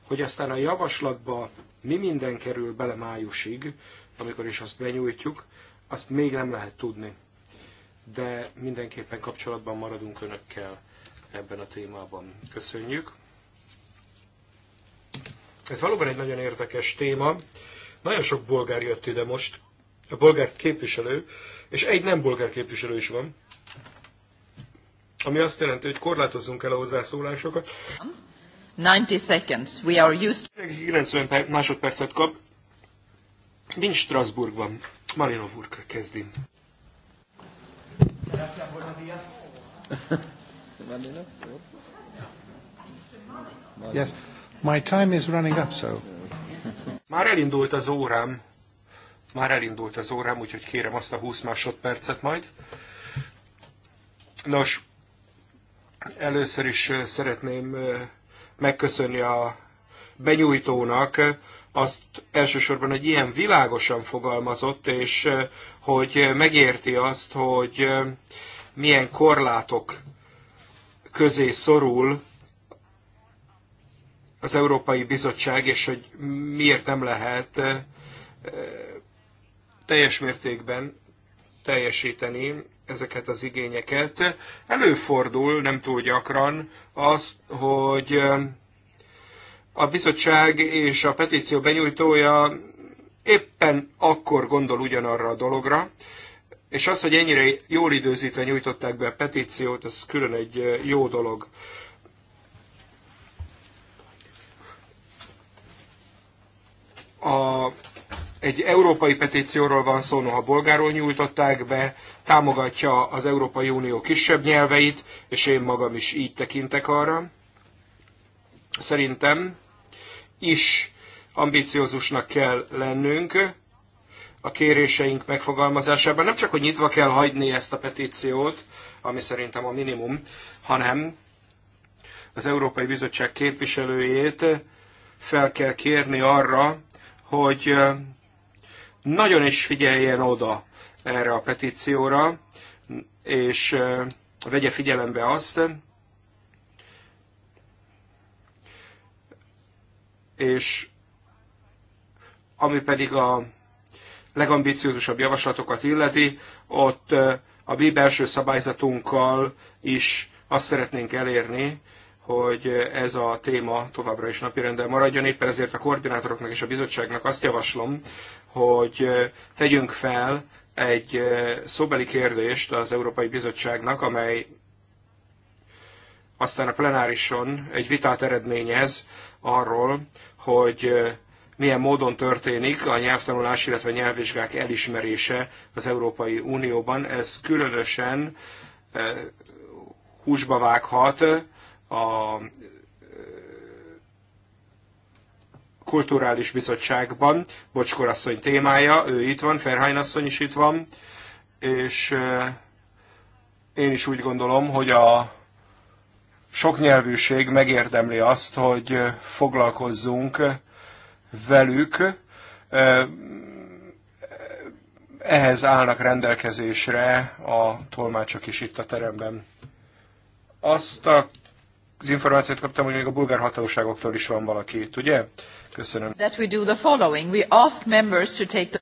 hogy aztán a javaslatba mi minden kerül bele májusig, amikor is azt benyújtjuk, azt még nem lehet tudni. De mindenképpen kapcsolatban maradunk önökkel ebben a témában. Köszönjük! Ez valóban egy nagyon érdekes téma. Nagyon sok bolgár jött ide most, a bolgár képviselő, és egy nem bolgár képviselő is van ami azt jelenti, hogy korlátozzunk el a hozzászólásokat. 90 seconds. We are used... 90 másodpercet kap. Nincs Strasbourgban. Malinov úr kezdi. Yes, my time is running up, so. Már elindult az órám. Már elindult az órám, úgyhogy kérem azt a 20 másodpercet majd. Nos, Először is szeretném megköszönni a benyújtónak azt elsősorban, hogy ilyen világosan fogalmazott, és hogy megérti azt, hogy milyen korlátok közé szorul az Európai Bizottság, és hogy miért nem lehet teljes mértékben teljesíteni ezeket az igényeket. Előfordul nem túl gyakran az, hogy um, a bizottság és a petíció benyújtója éppen akkor gondol ugyanarra a dologra, és az, hogy ennyire jól időzítve nyújtották be a petíciót, ez külön egy uh, jó dolog. A egy európai petícióról van szó, noha bolgáról nyújtották be, támogatja az Európai Unió kisebb nyelveit, és én magam is így tekintek arra. Szerintem is ambiciózusnak kell lennünk a kéréseink megfogalmazásában. Nem csak, hogy nyitva kell hagyni ezt a petíciót, ami szerintem a minimum, hanem az Európai Bizottság képviselőjét fel kell kérni arra, hogy nagyon is figyeljen oda erre a petícióra, és vegye figyelembe azt, és ami pedig a legambiciózusabb javaslatokat illeti, ott a mi belső szabályzatunkkal is azt szeretnénk elérni, hogy ez a téma továbbra is napirenden maradjon. Éppen ezért a koordinátoroknak és a bizottságnak azt javaslom, hogy tegyünk fel egy szóbeli kérdést az Európai Bizottságnak, amely aztán a plenárison egy vitát eredményez arról, hogy milyen módon történik a nyelvtanulás, illetve nyelvvizsgák elismerése az Európai Unióban. Ez különösen húsba vághat a Kulturális Bizottságban. Bocskor asszony témája, ő itt van, Ferhány asszony is itt van, és eh, én is úgy gondolom, hogy a soknyelvűség megérdemli azt, hogy eh, foglalkozzunk eh, velük. Ehhez állnak rendelkezésre a tolmácsok is itt a teremben. Azt a, az információt kaptam, hogy még a bulgár hatóságoktól is van valaki itt, ugye? Köszönöm. That we do the following. We ask members to take the...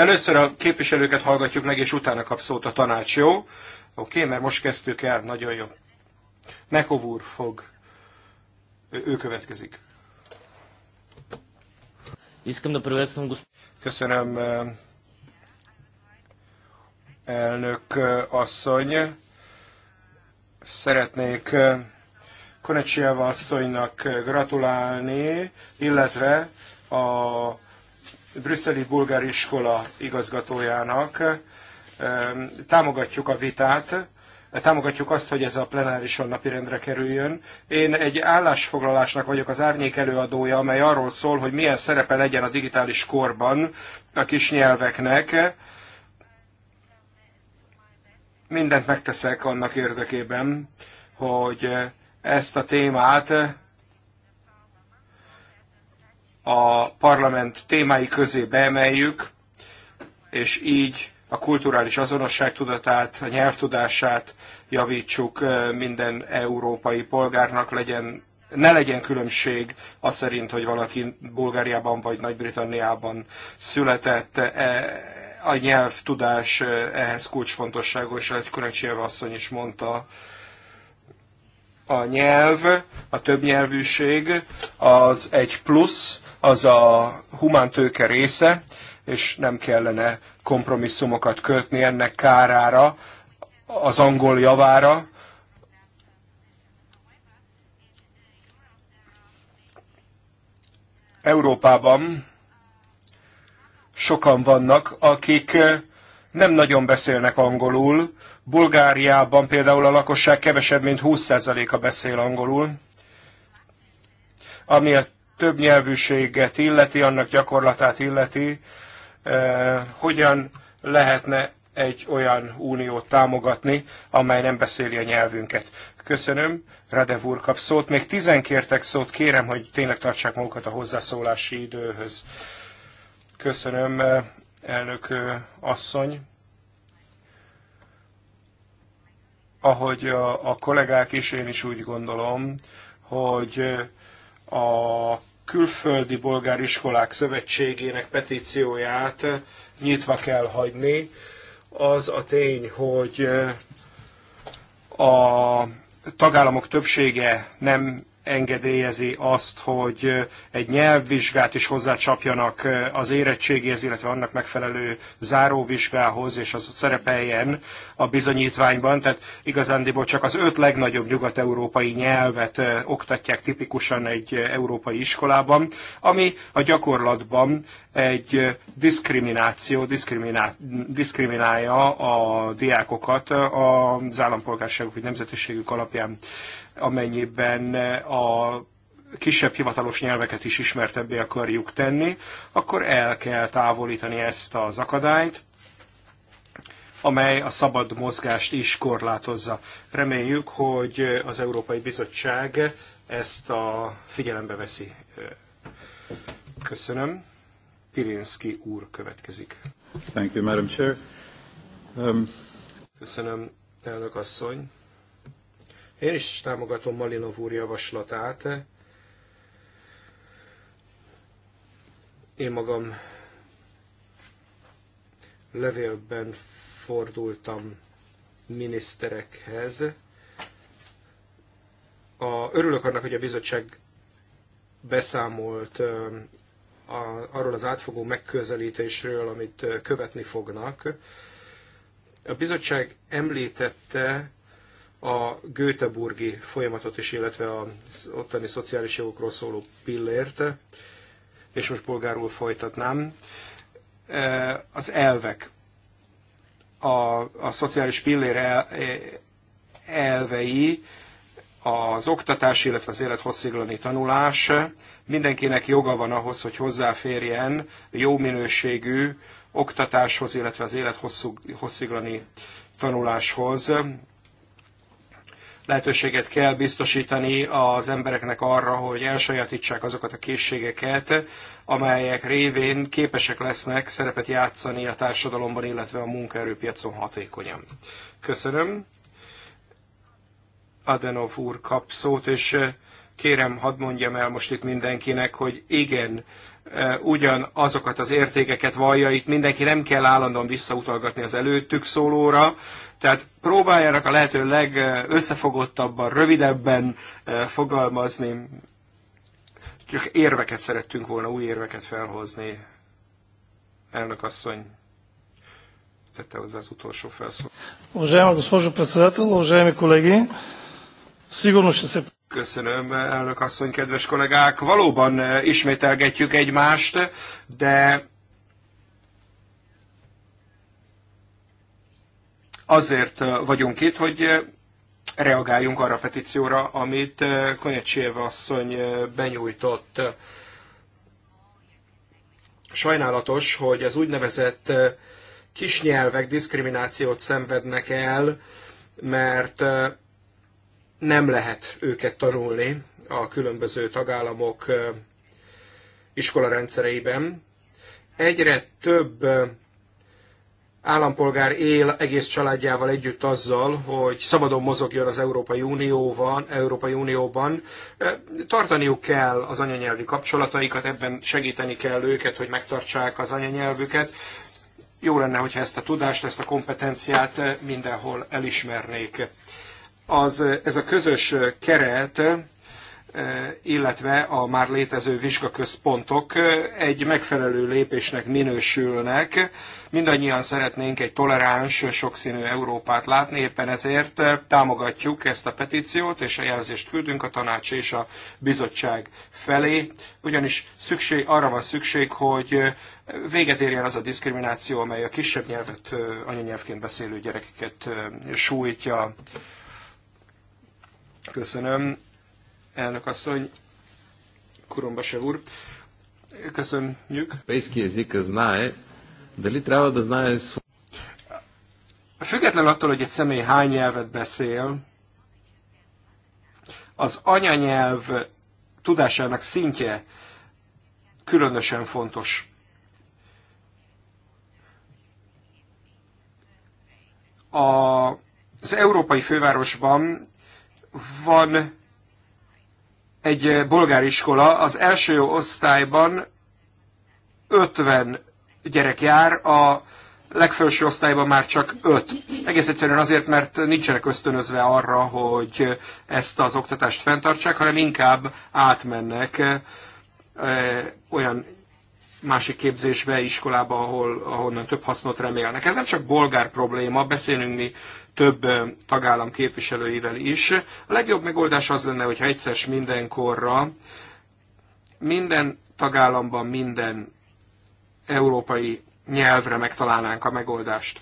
Először a képviselőket hallgatjuk meg, és utána kap szót a tanács, jó? Oké, okay, mert most kezdtük el, nagyon jó. Mekov úr fog, ő, ő következik. Köszönöm, э, elnök э, asszony. Szeretnék э, Konecsieva asszonynak gratulálni, illetve a brüsszeli bulgár iskola igazgatójának. Támogatjuk a vitát, támogatjuk azt, hogy ez a plenárison napirendre kerüljön. Én egy állásfoglalásnak vagyok az árnyék előadója, amely arról szól, hogy milyen szerepe legyen a digitális korban a kis nyelveknek. Mindent megteszek annak érdekében, hogy ezt a témát a parlament témái közé beemeljük, és így a kulturális azonosság tudatát, a nyelvtudását javítsuk minden európai polgárnak, legyen, ne legyen különbség az szerint, hogy valaki Bulgáriában vagy Nagy-Britanniában született, e, a nyelvtudás ehhez kulcsfontosságos, és egy Kurecsieva asszony is mondta, a nyelv, a többnyelvűség az egy plusz, az a humántőke része, és nem kellene kompromisszumokat kötni ennek kárára, az angol javára. Európában sokan vannak, akik nem nagyon beszélnek angolul, Bulgáriában például a lakosság kevesebb, mint 20%-a beszél angolul, ami a több nyelvűséget illeti, annak gyakorlatát illeti, eh, hogyan lehetne egy olyan uniót támogatni, amely nem beszéli a nyelvünket. Köszönöm, Radev úr kap szót. Még tizen kértek szót, kérem, hogy tényleg tartsák magukat a hozzászólási időhöz. Köszönöm, eh, elnök eh, asszony. ahogy a, a kollégák is, én is úgy gondolom, hogy a külföldi bolgáriskolák szövetségének petícióját nyitva kell hagyni. Az a tény, hogy a tagállamok többsége nem engedélyezi azt, hogy egy nyelvvizsgát is hozzácsapjanak az érettségéhez, illetve annak megfelelő záróvizsgához, és az szerepeljen a bizonyítványban. Tehát igazándiból csak az öt legnagyobb nyugat-európai nyelvet oktatják tipikusan egy európai iskolában, ami a gyakorlatban egy diszkrimináció, diszkriminá, diszkriminálja a diákokat az állampolgárságok vagy nemzetiségük alapján amennyiben a kisebb hivatalos nyelveket is ismertebbé akarjuk tenni, akkor el kell távolítani ezt az akadályt, amely a szabad mozgást is korlátozza. Reméljük, hogy az Európai Bizottság ezt a figyelembe veszi. Köszönöm. Pirinski úr következik. Thank you, Madam Chair. Um... Köszönöm, elnök asszony. Én is támogatom Malinov úr javaslatát. Én magam levélben fordultam miniszterekhez. A, örülök annak, hogy a bizottság beszámolt a, arról az átfogó megközelítésről, amit követni fognak. A bizottság említette a Göteborgi folyamatot is, illetve az ottani szociális jogokról szóló pillért, és most polgárul folytatnám. E, az elvek, a, a szociális pillér el, e, elvei, az oktatás, illetve az élethosszíglani tanulás, mindenkinek joga van ahhoz, hogy hozzáférjen jó minőségű oktatáshoz, illetve az élethosszíglani tanuláshoz, lehetőséget kell biztosítani az embereknek arra, hogy elsajátítsák azokat a készségeket, amelyek révén képesek lesznek szerepet játszani a társadalomban, illetve a munkaerőpiacon hatékonyan. Köszönöm. Adenov úr kap szót, és kérem, hadd mondjam el most itt mindenkinek, hogy igen, Eh, ugyan azokat az értékeket vallja, itt mindenki nem kell állandóan visszautalgatni az előttük szólóra, tehát próbáljanak a lehető legösszefogottabban, rövidebben eh, fogalmazni, csak érveket szerettünk volna, új érveket felhozni. Elnök asszony tette hozzá az utolsó felszólalást. Уважаема госпожо председател, уважаеми колеги, сигурно ще Köszönöm, elnök asszony, kedves kollégák. Valóban eh, ismételgetjük egymást, de azért eh, vagyunk itt, hogy eh, reagáljunk arra a petícióra, amit Konyecsév asszony benyújtott. Sajnálatos, hogy az úgynevezett kisnyelvek diszkriminációt szenvednek el, mert nem lehet őket tanulni a különböző tagállamok iskolarendszereiben. Egyre több állampolgár él egész családjával együtt azzal, hogy szabadon mozogjon az Európai Unióban, Európai Unióban. Tartaniuk kell az anyanyelvi kapcsolataikat, ebben segíteni kell őket, hogy megtartsák az anyanyelvüket. Jó lenne, hogyha ezt a tudást, ezt a kompetenciát mindenhol elismernék az, ez a közös keret, eh, illetve a már létező vizsgaközpontok eh, egy megfelelő lépésnek minősülnek. Mindannyian szeretnénk egy toleráns, sokszínű Európát látni, éppen ezért eh, támogatjuk ezt a petíciót, és a jelzést küldünk a tanács és a bizottság felé, ugyanis szükség, arra van szükség, hogy véget érjen az a diszkrimináció, amely a kisebb nyelvet anyanyelvként beszélő gyerekeket sújtja. Köszönöm, elnök asszony, Kurombasev úr. Köszönjük. Пейски език знае, дали трябва да знае... Független attól, hogy egy személy hány nyelvet beszél, az anyanyelv tudásának szintje különösen fontos. A, az európai fővárosban van egy eh, bolgár iskola, az első osztályban 50 gyerek jár, a legfelső osztályban már csak 5. Egész egyszerűen azért, mert nincsenek ösztönözve arra, hogy ezt az oktatást fenntartsák, hanem inkább átmennek eh, olyan másik képzésbe, iskolába, ahol, ahonnan több hasznot remélnek. Ez nem csak bolgár probléma, beszélünk mi több tagállam képviselőivel is. A legjobb megoldás az lenne, hogyha egyszer mindenkorra minden tagállamban minden európai nyelvre megtalálnánk a megoldást.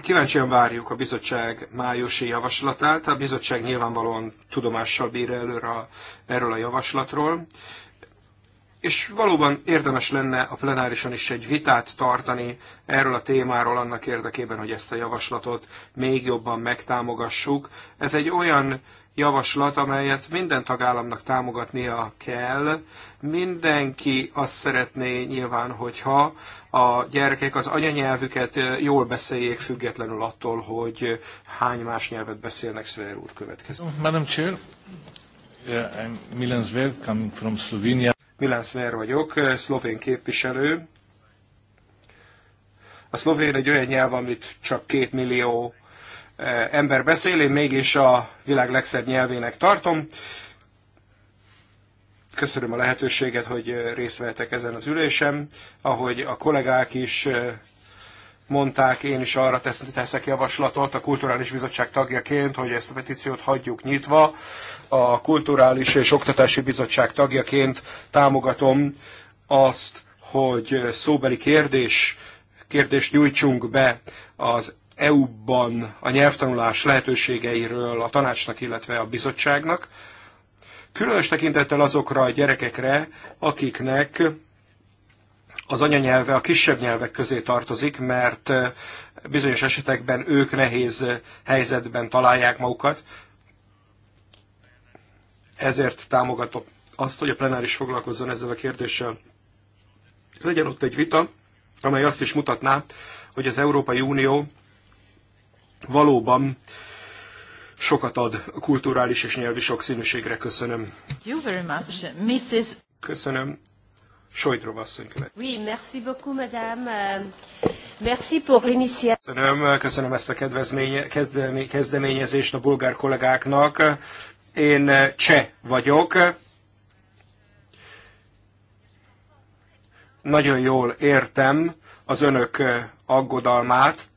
Kíváncsian várjuk a bizottság májusi javaslatát. A bizottság nyilvánvalóan tudomással bír előre erről a javaslatról. És valóban érdemes lenne a plenárison is egy vitát tartani erről a témáról annak érdekében, hogy ezt a javaslatot még jobban megtámogassuk. Ez egy olyan javaslat, amelyet minden tagállamnak támogatnia kell. Mindenki azt szeretné nyilván, hogyha a gyerekek az anyanyelvüket jól beszéljék, függetlenül attól, hogy hány más nyelvet beszélnek, Szver úr következő. Oh, Madam Chair, yeah, I'm Milan Zver, coming from Slovenia. Milan Zver vagyok, szlovén képviselő. A szlovén egy olyan nyelv, amit csak két millió Eh, ember beszél, én mégis a világ legszebb nyelvének tartom. Köszönöm a lehetőséget, hogy eh, részt vettek ezen az ülésem. Ahogy a kollégák is eh, mondták, én is arra teszek javaslatot a Kulturális Bizottság tagjaként, hogy ezt a petíciót hagyjuk nyitva. A Kulturális és Oktatási Bizottság tagjaként támogatom azt, hogy szóbeli kérdés, kérdést nyújtsunk be az EU-ban a nyelvtanulás lehetőségeiről a tanácsnak, illetve a bizottságnak, különös tekintettel azokra a gyerekekre, akiknek az anyanyelve a kisebb nyelvek közé tartozik, mert eh, bizonyos esetekben ők nehéz eh, helyzetben találják magukat. Ezért támogatom azt, hogy a plenáris foglalkozzon ezzel a kérdéssel. Legyen ott egy vita, amely azt is mutatná, hogy az Európai Unió valóban sokat ad a kulturális és nyelvi sokszínűségre. Köszönöm. You very much. Mrs. Köszönöm. Sojdrov asszony követ. Oui, merci beaucoup, madame. Euh, merci pour l'initiative. Köszönöm, köszönöm ezt a kezdeményezést a bulgár kollégáknak. Én cseh vagyok. Nagyon jól értem az önök aggodalmát,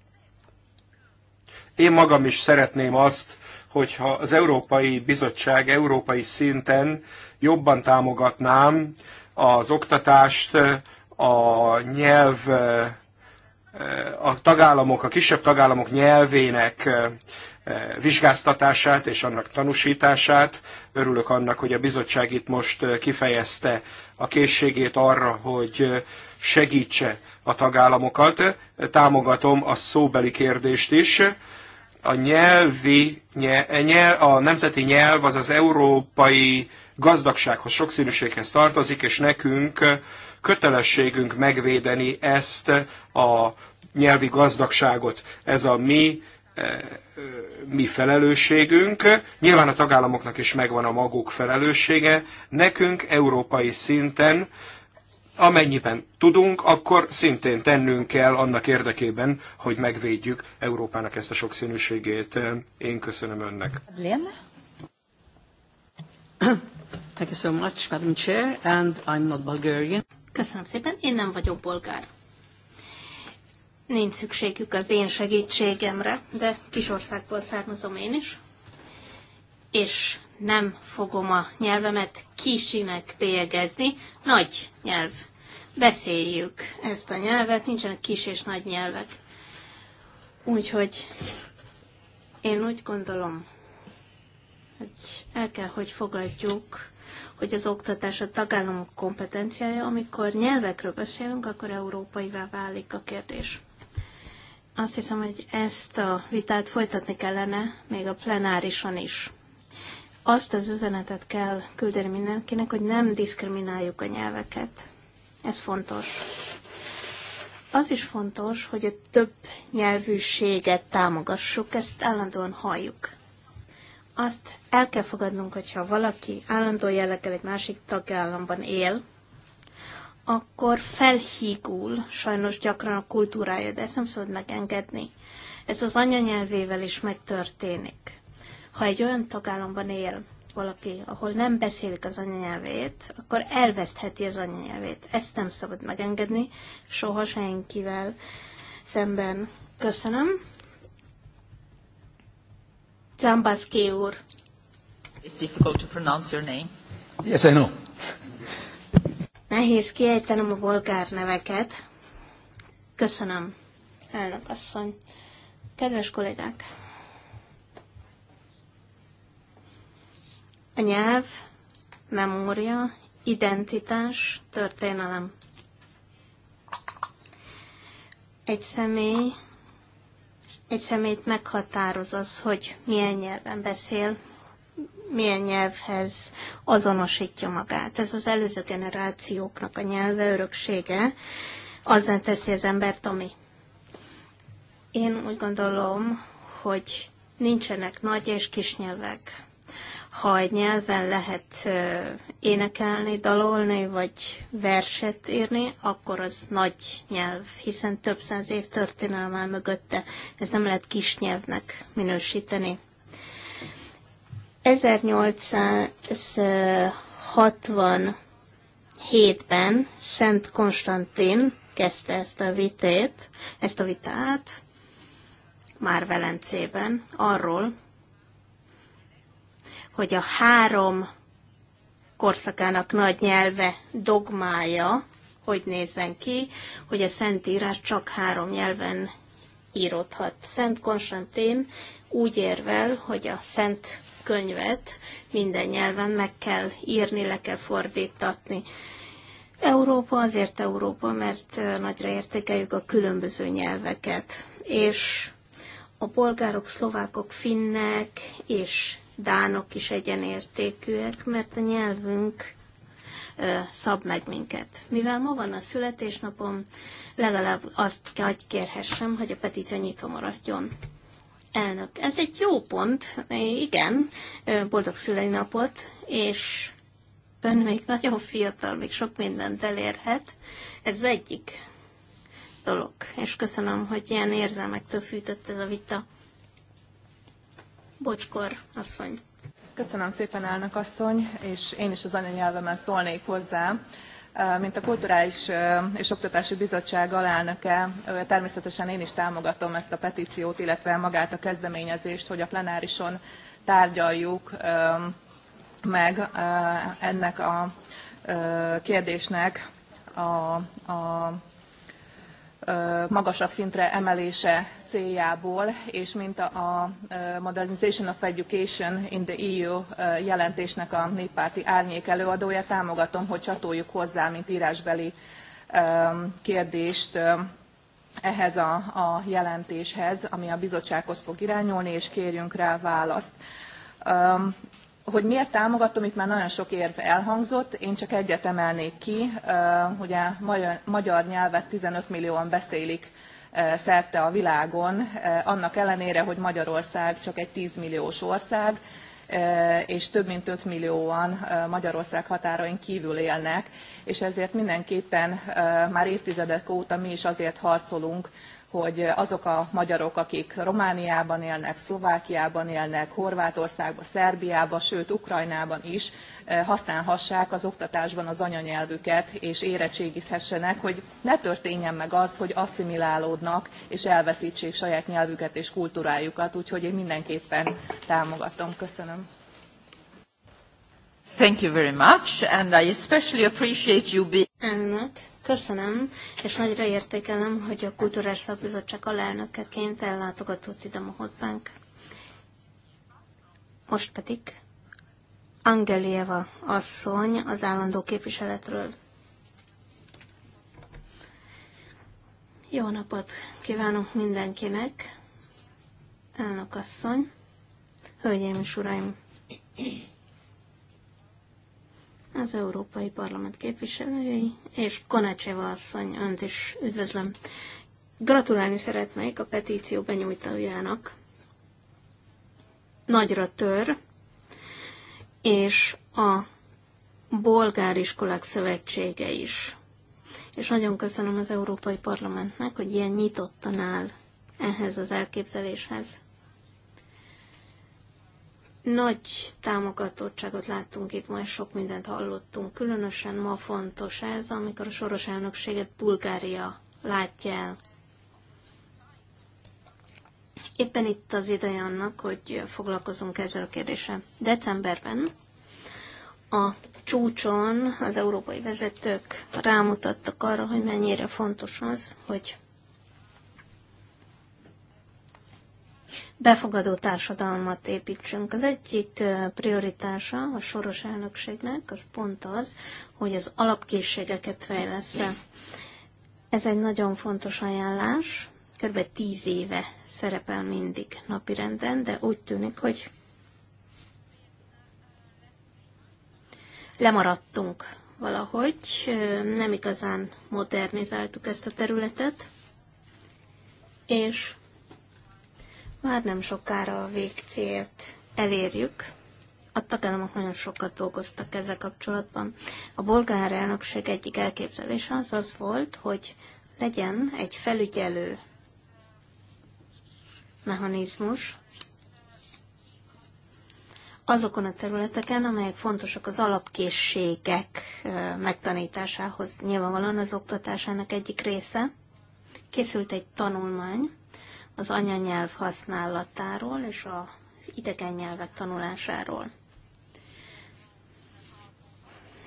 én magam is szeretném azt, hogyha az Európai Bizottság európai szinten jobban támogatnám az oktatást, a nyelv, a tagállamok, a kisebb tagállamok nyelvének vizsgáztatását és annak tanúsítását. Örülök annak, hogy a bizottság itt most kifejezte a készségét arra, hogy segítse a tagállamokat. Támogatom a szóbeli kérdést is a nyelvi, nyelv, a nemzeti nyelv az az európai gazdagsághoz, sokszínűséghez tartozik, és nekünk kötelességünk megvédeni ezt a nyelvi gazdagságot. Ez a mi e, e, mi felelősségünk. Nyilván a tagállamoknak is megvan a maguk felelőssége. Nekünk európai szinten Amennyiben tudunk, akkor szintén tennünk kell annak érdekében, hogy megvédjük Európának ezt a sokszínűségét. Én köszönöm önnek. Thank you so much, Madam Chair, and I'm not Bulgarian. Köszönöm szépen, én nem vagyok bolgár. Nincs szükségük az én segítségemre, de kis országból származom én is. És nem fogom a nyelvemet kisinek bélyegezni, nagy nyelv. Beszéljük ezt a nyelvet, nincsenek kis és nagy nyelvek. Úgyhogy én úgy gondolom, hogy el kell, hogy fogadjuk, hogy az oktatás a tagállamok kompetenciája, amikor nyelvekről beszélünk, akkor európaivá válik a kérdés. Azt hiszem, hogy ezt a vitát folytatni kellene még a plenárison is azt az üzenetet kell küldeni mindenkinek, hogy nem diszkrimináljuk a nyelveket. Ez fontos. Az is fontos, hogy a több nyelvűséget támogassuk, ezt állandóan halljuk. Azt el kell fogadnunk, hogyha valaki állandó jelleggel egy másik tagállamban él, akkor felhígul sajnos gyakran a kultúrája, de ezt nem szabad megengedni. Ez az anyanyelvével is megtörténik. Ha egy olyan tagállamban él valaki, ahol nem beszélik az anyanyelvét, akkor elvesztheti az anyanyelvét. Ezt nem szabad megengedni soha senkivel szemben. Köszönöm. Zambaszki úr. It's difficult to pronounce your name. Yes, I know. Nehéz kiejtenem a bolgár neveket. Köszönöm, elnök asszony. Kedves kollégák! A nyelv, memória, identitás, történelem. Egy személy, egy személyt meghatároz az, hogy milyen nyelven beszél, milyen nyelvhez azonosítja magát. Ez az előző generációknak a nyelve öröksége, azzal teszi az embert, ami. Én úgy gondolom, hogy nincsenek nagy és kis nyelvek ha egy nyelven lehet énekelni, dalolni, vagy verset írni, akkor az nagy nyelv, hiszen több száz év történelmel mögötte. Ez nem lehet kis nyelvnek minősíteni. 1867-ben Szent Konstantin kezdte ezt a vitét, ezt a vitát, már Velencében, arról, hogy a három korszakának nagy nyelve dogmája, hogy nézzen ki, hogy a Szentírás csak három nyelven íródhat. Szent Konstantin úgy érvel, hogy a Szent könyvet minden nyelven meg kell írni, le kell fordítatni. Európa azért Európa, mert nagyra értékeljük a különböző nyelveket. És a bolgárok, szlovákok, finnek és dánok is egyenértékűek, mert a nyelvünk szab meg minket. Mivel ma van a születésnapom, legalább azt kell, hogy kérhessem, hogy a petíció nyitva maradjon. Elnök, ez egy jó pont, igen, boldog napot és ön még nagyon fiatal, még sok mindent elérhet. Ez az egyik dolog, és köszönöm, hogy ilyen érzelmektől fűtött ez a vita. Bocskor asszony. Köszönöm szépen, elnök asszony, és én is az anyanyelvemen szólnék hozzá. Mint a Kulturális és Oktatási Bizottság alelnöke, természetesen én is támogatom ezt a petíciót, illetve magát a kezdeményezést, hogy a plenárison tárgyaljuk meg ennek a kérdésnek a, a magasabb szintre emelése céljából, és mint a Modernization of Education in the EU jelentésnek a néppárti árnyék előadója, támogatom, hogy csatoljuk hozzá, mint írásbeli kérdést ehhez a, a jelentéshez, ami a bizottsághoz fog irányulni, és kérjünk rá választ hogy miért támogatom, itt már nagyon sok érv elhangzott, én csak egyet emelnék ki, ugye magyar nyelvet 15 millióan beszélik szerte a világon, annak ellenére, hogy Magyarország csak egy 10 milliós ország, és több mint 5 millióan Magyarország határain kívül élnek, és ezért mindenképpen már évtizedek óta mi is azért harcolunk, hogy azok a magyarok, akik Romániában élnek, Szlovákiában élnek, Horvátországban, Szerbiában, sőt Ukrajnában is eh, használhassák az oktatásban az anyanyelvüket, és érettségizhessenek, hogy ne történjen meg az, hogy asszimilálódnak, és elveszítsék saját nyelvüket és kultúrájukat, úgyhogy én mindenképpen támogatom. Köszönöm. Thank you very much, and I especially appreciate you being... Elnök, Köszönöm, és nagyra értékelem, hogy a Kulturális Szakbizottság alelnökeként ellátogatott ide ma hozzánk. Most pedig Angelieva asszony az állandó képviseletről. Jó napot kívánok mindenkinek, elnök asszony, hölgyeim és uraim! az Európai Parlament képviselői, és Konecseva asszony, önt is üdvözlöm. Gratulálni szeretnék a petíció benyújtójának. Nagyra tör, és a Bolgár Iskolák Szövetsége is. És nagyon köszönöm az Európai Parlamentnek, hogy ilyen nyitottan áll ehhez az elképzeléshez. Nagy támogatottságot láttunk itt, majd sok mindent hallottunk. Különösen ma fontos ez, amikor a soros elnökséget Bulgária látja el. Éppen itt az ideje annak, hogy foglalkozunk ezzel a kérdéssel. Decemberben a csúcson az európai vezetők rámutattak arra, hogy mennyire fontos az, hogy befogadó társadalmat építsünk. Az egyik prioritása a soros elnökségnek az pont az, hogy az alapkészségeket fejlesz Ez egy nagyon fontos ajánlás, kb. tíz éve szerepel mindig napirenden, de úgy tűnik, hogy lemaradtunk valahogy, nem igazán modernizáltuk ezt a területet, és már nem sokára a végcélt elérjük. A tagállamok nagyon sokat dolgoztak ezzel kapcsolatban. A bolgár elnökség egyik elképzelése az az volt, hogy legyen egy felügyelő mechanizmus azokon a területeken, amelyek fontosak az alapkészségek megtanításához. Nyilvánvalóan az oktatásának egyik része. Készült egy tanulmány, az anyanyelv használatáról és az idegen nyelvek tanulásáról.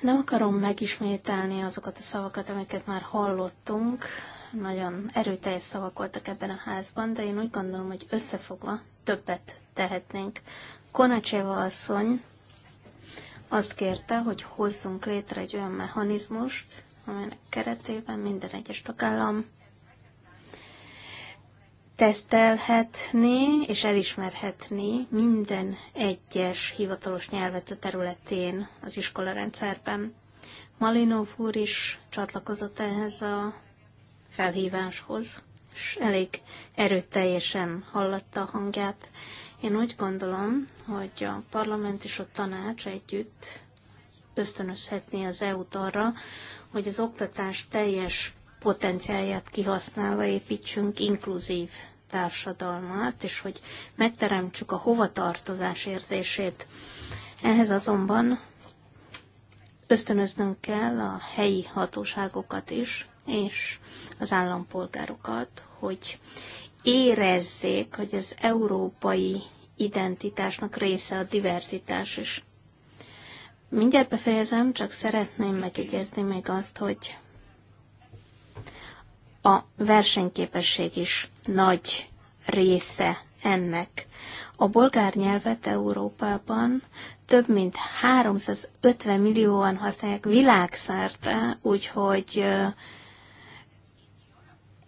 Nem akarom megismételni azokat a szavakat, amiket már hallottunk. Nagyon erőteljes szavak voltak ebben a házban, de én úgy gondolom, hogy összefogva többet tehetnénk. Konacseva asszony azt kérte, hogy hozzunk létre egy olyan mechanizmust, amelynek keretében minden egyes tagállam tesztelhetné és elismerhetné minden egyes hivatalos nyelvet a területén az iskolarendszerben. Malinov úr is csatlakozott ehhez a felhíváshoz, és elég erőteljesen hallatta a hangját. Én úgy gondolom, hogy a parlament és a tanács együtt ösztönözhetné az EU-t arra, hogy az oktatás teljes potenciáját kihasználva építsünk inkluzív társadalmat, és hogy megteremtsük a hovatartozás érzését. Ehhez azonban ösztönöznünk kell a helyi hatóságokat is, és az állampolgárokat, hogy érezzék, hogy az európai identitásnak része a diverzitás is. Mindjárt befejezem, csak szeretném megjegyezni még azt, hogy a versenyképesség is nagy része ennek. A bolgár nyelvet Európában több mint 350 millióan használják világszerte, úgyhogy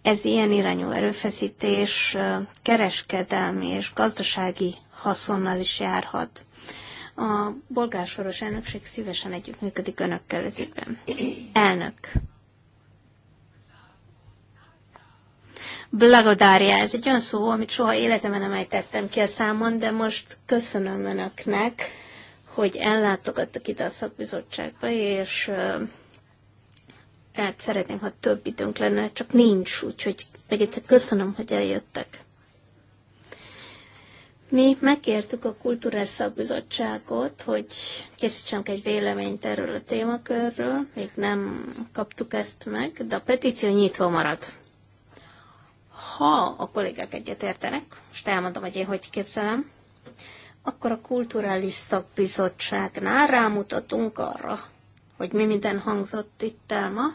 ez ilyen irányú erőfeszítés kereskedelmi és gazdasági haszonnal is járhat. A bolgár elnökség szívesen együttműködik önökkel ez Elnök. Blagodária, ez egy olyan szó, amit soha életemben nem ejtettem ki a számon, de most köszönöm önöknek, hogy ellátogattak ide a szakbizottságba, és hát szeretném, ha több időnk lenne, csak nincs, úgyhogy meg egyszer köszönöm, hogy eljöttek. Mi megkértük a Kulturális Szakbizottságot, hogy készítsenek egy véleményt erről a témakörről, még nem kaptuk ezt meg, de a petíció nyitva maradt. Ha a kollégák egyetértenek, most elmondom, hogy én hogy képzelem, akkor a Kulturális Szakbizottságnál rámutatunk arra, hogy mi minden hangzott itt el ma.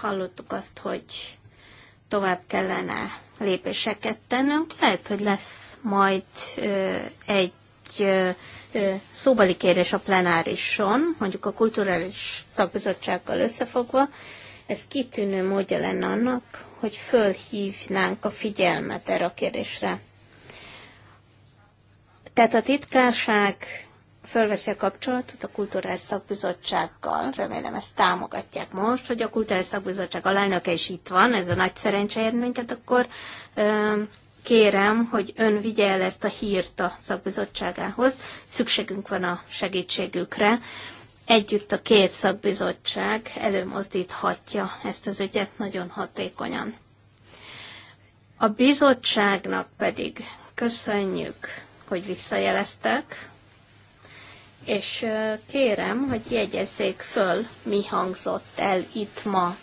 hallottuk azt, hogy tovább kellene lépéseket tennünk. Lehet, hogy lesz majd ö, egy ö, ö, szóbali kérés a plenárison, mondjuk a kulturális szakbizottsággal összefogva, ez kitűnő módja lenne annak, hogy fölhívnánk a figyelmet erre a kérdésre. Tehát a titkárság fölveszi a kapcsolatot a Kulturális Szakbizottsággal, remélem ezt támogatják most, hogy a Kulturális Szakbizottság alelnöke is itt van, ez a nagy szerencse ér minket, akkor kérem, hogy ön vigye el ezt a hírt a szakbizottságához, szükségünk van a segítségükre, együtt a két szakbizottság előmozdíthatja ezt az ügyet nagyon hatékonyan. A bizottságnak pedig köszönjük, hogy visszajeleztek, és kérem, hogy jegyezzék föl, mi hangzott el itt ma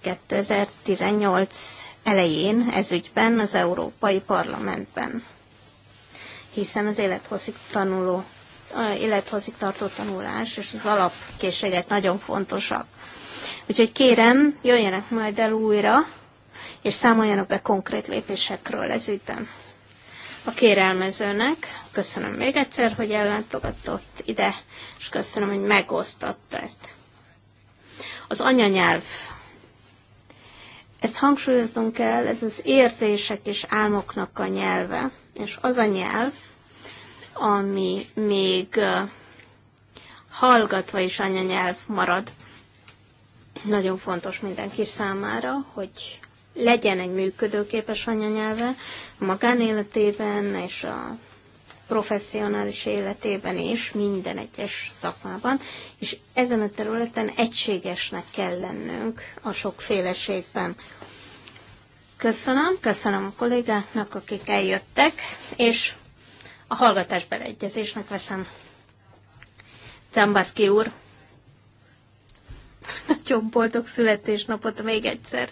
2018 elején ez ügyben az Európai Parlamentben. Hiszen az élethosszig tanuló élethozik tartó tanulás és az alapkészségek nagyon fontosak. Úgyhogy kérem, jöjjenek majd el újra, és számoljanak be konkrét lépésekről ez ügyben. A kérelmezőnek köszönöm még egyszer, hogy ellátogatott ide, és köszönöm, hogy megosztotta ezt. Az anyanyelv. Ezt hangsúlyoznunk kell, ez az érzések és álmoknak a nyelve, és az a nyelv, ami még hallgatva is anyanyelv marad. Nagyon fontos mindenki számára, hogy legyen egy működőképes anyanyelve a magánéletében és a professzionális életében és minden egyes szakmában, és ezen a területen egységesnek kell lennünk a sokféleségben. Köszönöm, köszönöm a kollégáknak, akik eljöttek, és a hallgatás beleegyezésnek veszem. Zambaszki úr, nagyon boldog születésnapot még egyszer.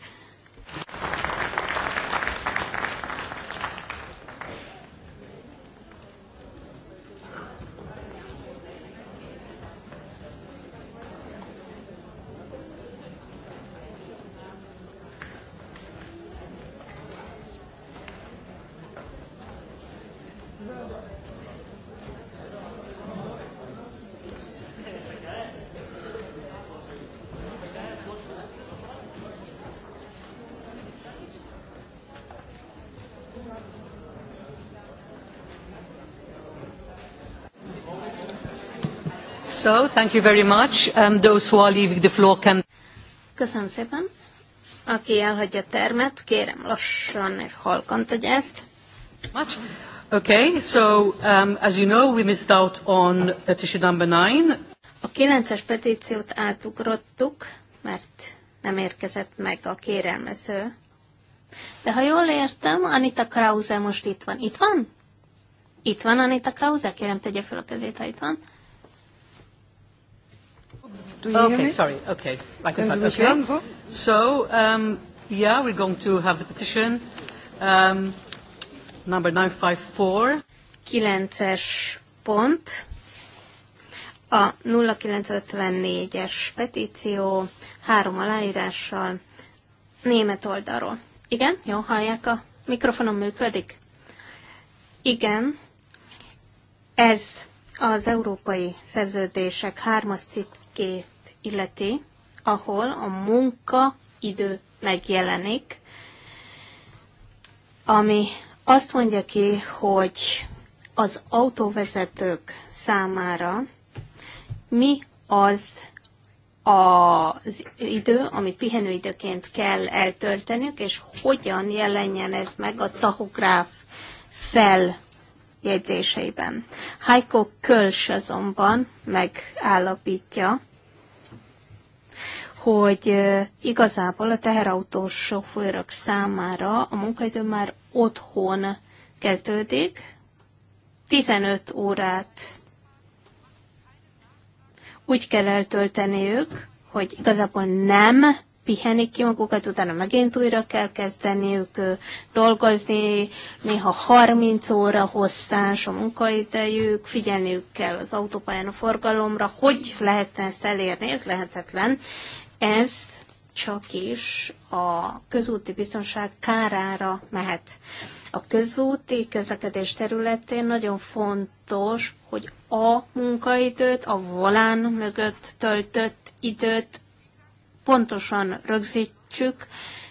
So, thank you very much. Um, those who are leaving the floor can... Köszönöm szépen. Aki elhagyja a termet, kérem lassan és halkan tegye ezt. Much. Okay, so um, as you know, we missed out on petition number nine. A kilences petíciót átugrottuk, mert nem érkezett meg a kérelmező. De ha jól értem, Anita Krause most itt van. Itt van? Itt van Anita Krause? Kérem, tegye fel a kezét, ha itt van. Do you okay, hear me? sorry. Okay. Like Können okay. hören so? So, um, yeah, we're going to have the petition. Um, number 954. 9-es pont. A 0954-es petíció három aláírással német oldalról. Igen? Jó, hallják? A mikrofonom működik? Igen. Ez az európai szerződések hármas cikké illeti, ahol a munkaidő megjelenik, ami azt mondja ki, hogy az autóvezetők számára mi az az idő, amit pihenőidőként kell eltöltenünk, és hogyan jelenjen ez meg a tachográf feljegyzéseiben. Heiko Kölsch azonban megállapítja, hogy igazából a teherautós sofőrök számára a munkaidő már otthon kezdődik, 15 órát úgy kell eltölteniük, hogy igazából nem pihenik ki magukat, utána megint újra kell kezdeniük dolgozni, néha 30 óra hosszás a munkaidejük, figyelniük kell az autópályán a forgalomra, hogy lehetne ezt elérni, ez lehetetlen, ez csak is a közúti biztonság kárára mehet. A közúti közlekedés területén nagyon fontos, hogy a munkaidőt, a volán mögött töltött időt pontosan rögzítsük,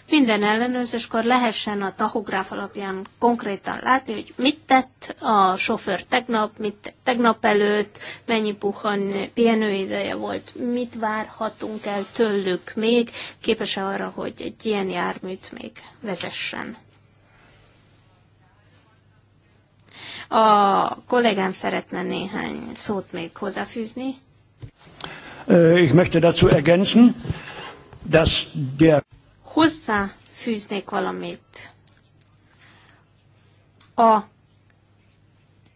minden ellenőrzéskor lehessen a tachográf alapján konkrétan látni, hogy mit tett a sofőr tegnap, mit tegnap előtt, mennyi puhan pihenőideje volt, mit várhatunk el tőlük még, képes-e arra, hogy egy ilyen járműt még vezessen. A kollégám szeretne néhány szót még hozzáfűzni. Äh, ich möchte dazu ergänzen, dass der hozzáfűznék valamit. A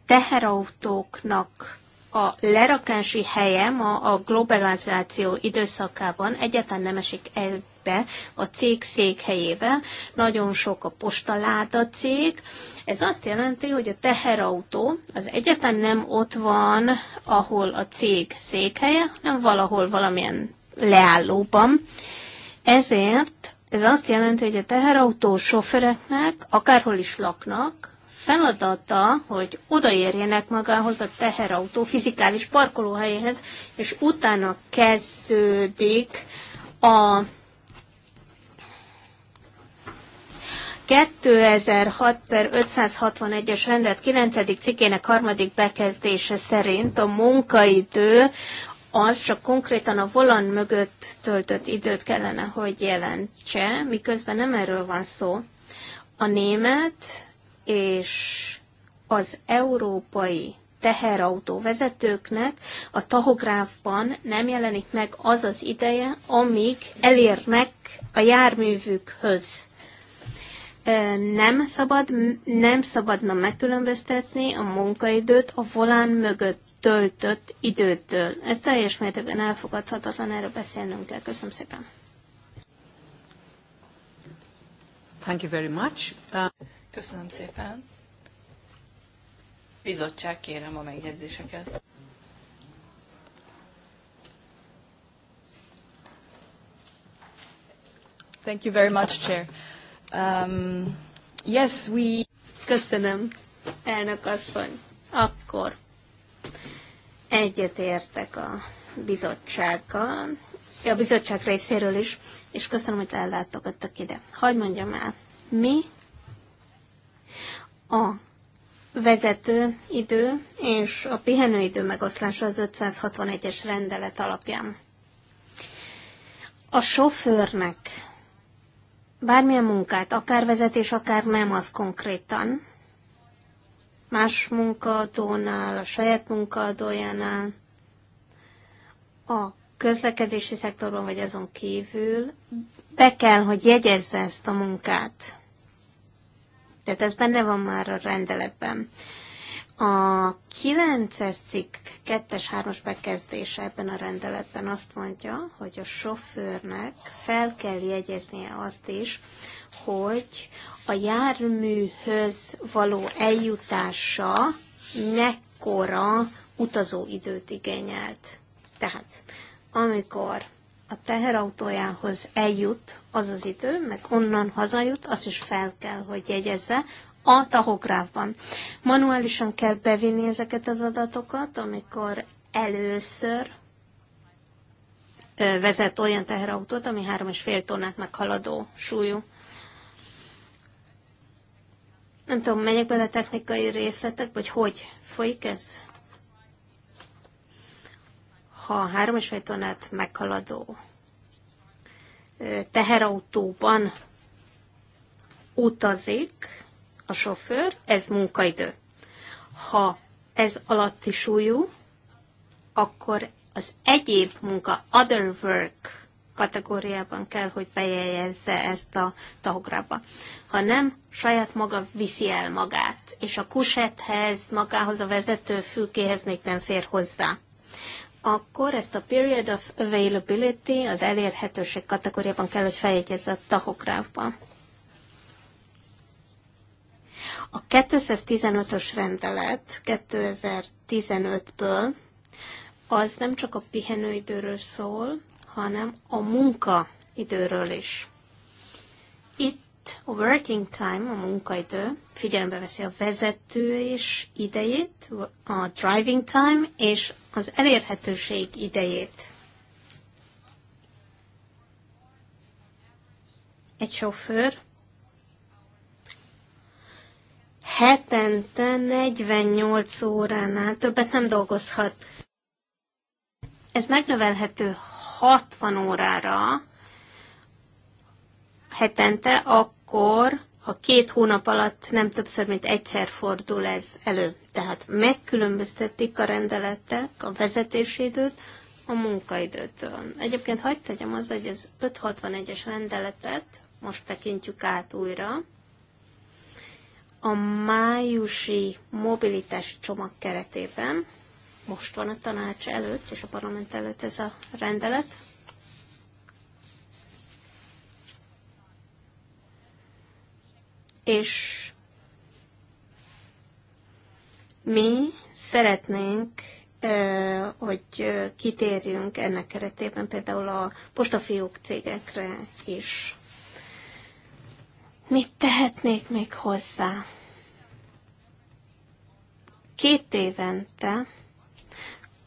teherautóknak a lerakási helye ma a globalizáció időszakában egyáltalán nem esik ebbe a cég székhelyével. Nagyon sok a postaláda cég. Ez azt jelenti, hogy a teherautó az egyáltalán nem ott van, ahol a cég székhelye, hanem valahol valamilyen leállóban. Ezért ez azt jelenti, hogy a teherautó sofereknek, akárhol is laknak, feladata, hogy odaérjenek magához a teherautó fizikális parkolóhelyéhez, és utána kezdődik a 2006 per 561-es rendet 9. cikkének harmadik bekezdése szerint a munkaidő az csak konkrétan a volan mögött töltött időt kellene, hogy jelentse, miközben nem erről van szó. A német és az európai teherautó vezetőknek a tahográfban nem jelenik meg az az ideje, amíg elérnek a járművükhöz. Nem szabad, nem szabadna megkülönböztetni a munkaidőt a volán mögött töltött időtől. Ez teljes mértékben elfogadhatatlan, erről beszélnünk kell. Köszönöm szépen. Thank you very much. Uh, Köszönöm szépen. Bizottság, kérem a megjegyzéseket. Thank you very much, Chair. Um, yes, we... Köszönöm, elnök asszony. Akkor Egyetértek a bizottsággal, a bizottság részéről is, és köszönöm, hogy ellátogattak ide. Hagy mondjam el, mi a vezető idő és a pihenőidő megoszlása az 561-es rendelet alapján. A sofőrnek bármilyen munkát, akár vezetés, akár nem, az konkrétan más munkaadónál, a saját munkaadójánál, a közlekedési szektorban vagy azon kívül, be kell, hogy jegyezze ezt a munkát. Tehát ez benne van már a rendeletben. A 9-es cikk 2-es 3 os bekezdése ebben a rendeletben azt mondja, hogy a sofőrnek fel kell jegyeznie azt is, hogy a járműhöz való eljutása mekkora utazóidőt igényelt. Tehát, amikor a teherautójához eljut az az idő, meg onnan hazajut, azt is fel kell, hogy jegyezze a tahográfban. Manuálisan kell bevinni ezeket az adatokat, amikor először vezet olyan teherautót, ami 3,5 tonnát meghaladó súlyú. Nem tudom, megyek bele a technikai részletek, vagy hogy folyik ez? Ha három és fél tonnát meghaladó teherautóban utazik a sofőr, ez munkaidő. Ha ez alatti súlyú, akkor az egyéb munka, other work kategóriában kell, hogy bejegyezze ezt a tahográba. Ha nem, saját maga viszi el magát, és a kusethez, magához a vezető fülkéhez még nem fér hozzá. Akkor ezt a period of availability, az elérhetőség kategóriában kell, hogy feljegyezze a tahográfba. A 2015 ös rendelet 2015-ből az nem csak a pihenőidőről szól, hanem a munkaidőről is. Itt a working time, a munkaidő, figyelembe veszi a vezető és idejét, a driving time és az elérhetőség idejét. Egy sofőr hetente 48 óránál többet nem dolgozhat. Ez megnövelhető 60 órára hetente, akkor ha két hónap alatt nem többször, mint egyszer fordul ez elő. Tehát megkülönböztetik a rendeletek a vezetési időt, a munkaidőtől. Egyébként hagyd tegyem az, hogy az 561-es rendeletet most tekintjük át újra. A májusi mobilitási csomag keretében most van a tanács előtt és a parlament előtt ez a rendelet. És mi szeretnénk, hogy kitérjünk ennek keretében például a postafiók cégekre is. Mit tehetnék még hozzá? Két évente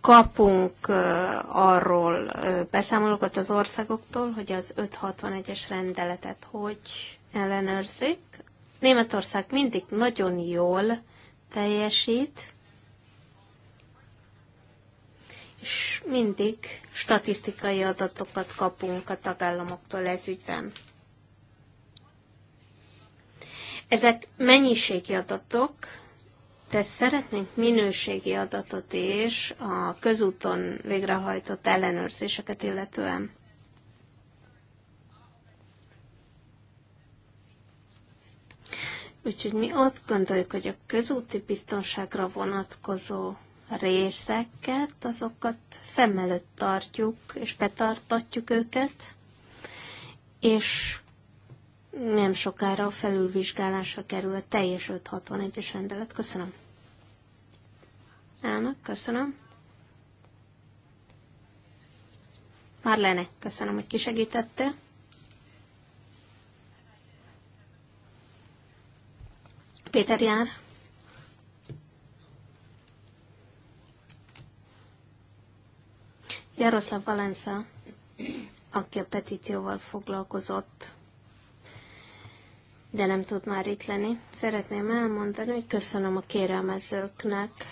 kapunk arról beszámolókat az országoktól, hogy az 561-es rendeletet hogy ellenőrzik. Németország mindig nagyon jól teljesít, és mindig statisztikai adatokat kapunk a tagállamoktól ez ügyben. Ezek mennyiségi adatok, de szeretnénk minőségi adatot is a közúton végrehajtott ellenőrzéseket illetően. Úgyhogy mi azt gondoljuk, hogy a közúti biztonságra vonatkozó részeket, azokat szem előtt tartjuk, és betartatjuk őket, és nem sokára a felülvizsgálásra kerül a teljes 561-es rendelet. Köszönöm. Elnök, köszönöm. Marlene, köszönöm, hogy kisegítette. Péter jár. Jaroszláv Valenza, aki a petícióval foglalkozott, de nem tud már itt lenni. Szeretném elmondani, hogy köszönöm a kérelmezőknek,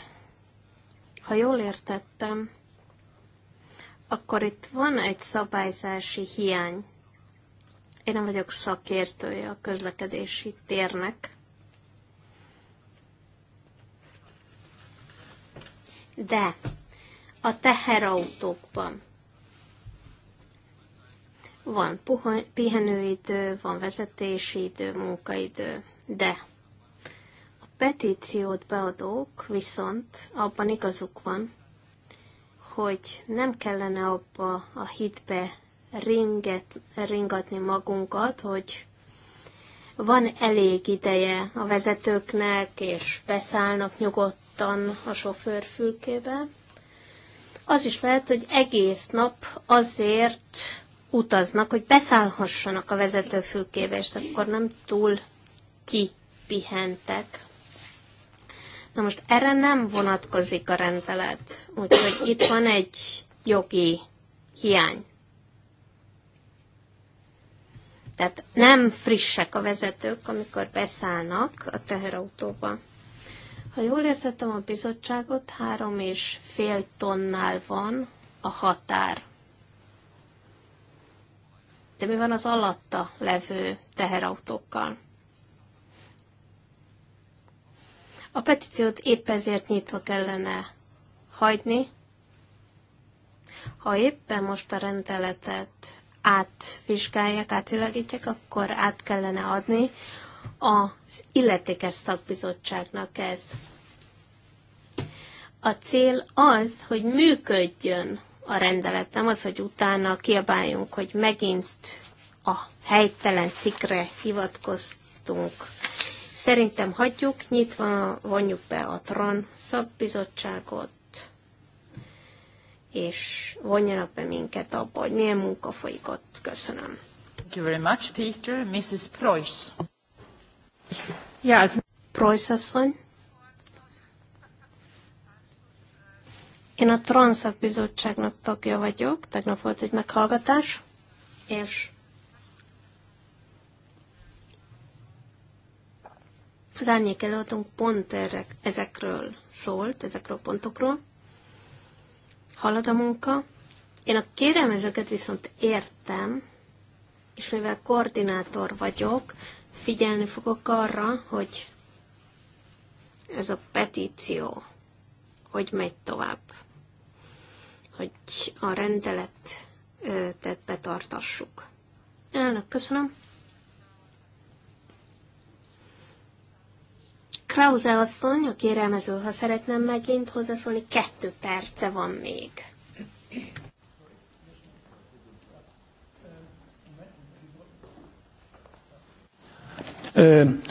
ha jól értettem, akkor itt van egy szabályzási hiány. Én nem vagyok szakértője a közlekedési térnek. De a teherautókban van pihenőidő, van vezetési idő, munkaidő, de petíciót beadók viszont abban igazuk van, hogy nem kellene abba a hitbe ringet, ringatni magunkat, hogy van elég ideje a vezetőknek, és beszállnak nyugodtan a sofőr fülkébe. Az is lehet, hogy egész nap azért utaznak, hogy beszállhassanak a fülkébe, és akkor nem túl kipihentek. Na most erre nem vonatkozik a rendelet, úgyhogy itt van egy jogi hiány. Tehát nem frissek a vezetők, amikor beszállnak a teherautóba. Ha jól értettem a bizottságot, három és fél tonnál van a határ. De mi van az alatta levő teherautókkal? A petíciót épp ezért nyitva kellene hagyni. Ha éppen most a rendeletet átvizsgálják, átvilágítják, akkor át kellene adni az illetékes szakbizottságnak ez. A cél az, hogy működjön a rendelet, nem az, hogy utána kiabáljunk, hogy megint a helytelen cikre hivatkoztunk. Szerintem hagyjuk, nyitva vonjuk be a TRAN szakbizottságot, és vonjanak be minket abba, hogy milyen munka folyik ott. Köszönöm. Thank you very much, Peter. Mrs. Preuss. Yeah. Preuss asszony. Én a Transzak Bizottságnak tagja vagyok, tegnap volt egy meghallgatás, és Az árnyék előadónk pont erre, ezekről szólt, ezekről a pontokról. Halad a munka. Én a kérelmezőket viszont értem, és mivel koordinátor vagyok, figyelni fogok arra, hogy ez a petíció hogy megy tovább, hogy a rendeletet betartassuk. Elnök, köszönöm. Krause asszony, a kérelmező, ha szeretném megint hozzászólni, kettő perce van még.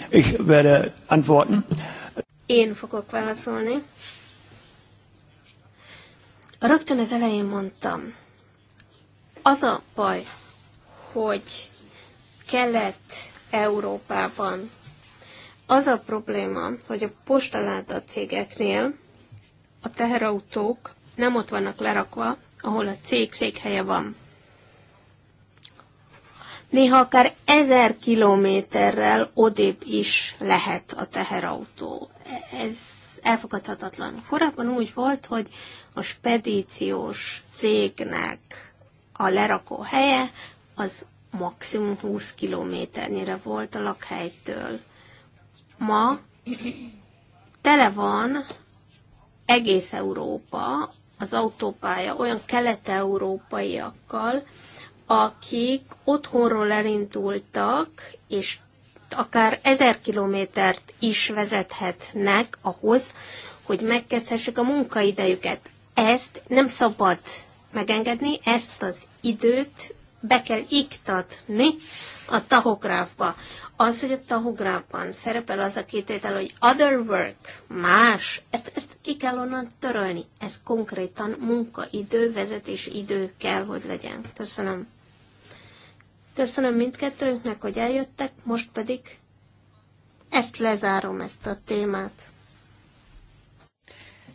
Ich werde antworten. Én fogok válaszolni. Rögtön az elején mondtam, az a baj, hogy Kelet-Európában az a probléma, hogy a postaláda cégeknél a teherautók nem ott vannak lerakva, ahol a cég székhelye van. Néha akár ezer kilométerrel odébb is lehet a teherautó. Ez elfogadhatatlan. Korábban úgy volt, hogy a spedíciós cégnek a lerakó helye az maximum 20 kilométernyire volt a lakhelytől ma tele van egész Európa, az autópálya olyan kelet-európaiakkal, akik otthonról elindultak, és akár ezer kilométert is vezethetnek ahhoz, hogy megkezdhessék a munkaidejüket. Ezt nem szabad megengedni, ezt az időt be kell iktatni a tahográfba az, hogy a tahográfban szerepel az a kététel, hogy other work, más, ezt, ezt ki kell onnan törölni. Ez konkrétan munkaidő, vezetés idő kell, hogy legyen. Köszönöm. Köszönöm mindkettőnknek, hogy eljöttek, most pedig ezt lezárom, ezt a témát.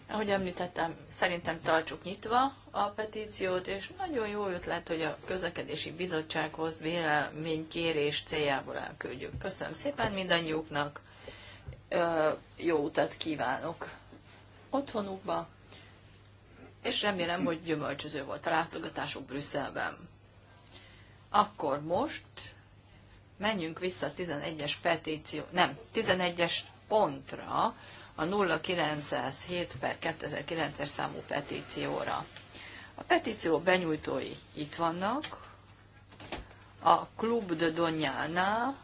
Ahogy említettem, szerintem tartsuk nyitva a petíciót, és nagyon jó ötlet, hogy a közlekedési bizottsághoz kérés céljából elküldjük. Köszönöm szépen mindannyiuknak, jó utat kívánok otthonukba, és remélem, hogy gyümölcsöző volt a látogatásuk Brüsszelben. Akkor most menjünk vissza a 11-es petíció, nem, 11-es pontra, a 0907 per 2009-es számú petícióra. A petíció benyújtói itt vannak, a Club de Donjana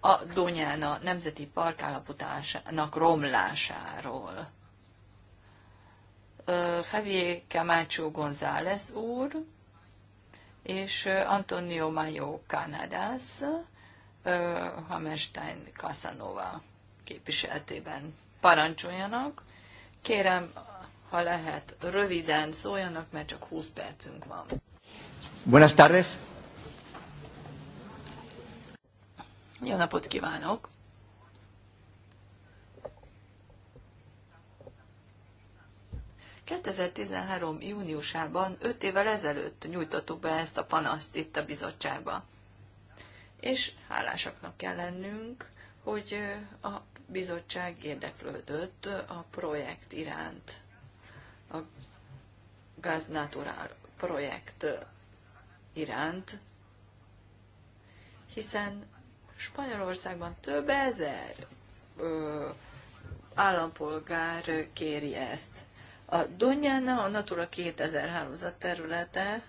a Donjana Nemzeti Park állapotásának romlásáról. Javier Camacho González úr és Antonio Mayo Canadas, Hammerstein Casanova képviseletében parancsoljanak. Kérem ha lehet, röviden szóljanak, mert csak 20 percünk van. Buenas tardes. Jó napot kívánok! ...2013. júniusában, 5 évvel ezelőtt nyújtottuk be ezt a panaszt itt a bizottságba. És hálásaknak kell lennünk, hogy a bizottság érdeklődött a projekt iránt a Gaz Natural projekt iránt, hiszen Spanyolországban több ezer ö, állampolgár kéri ezt. A Donyana, a Natura 2000 hálózat területe,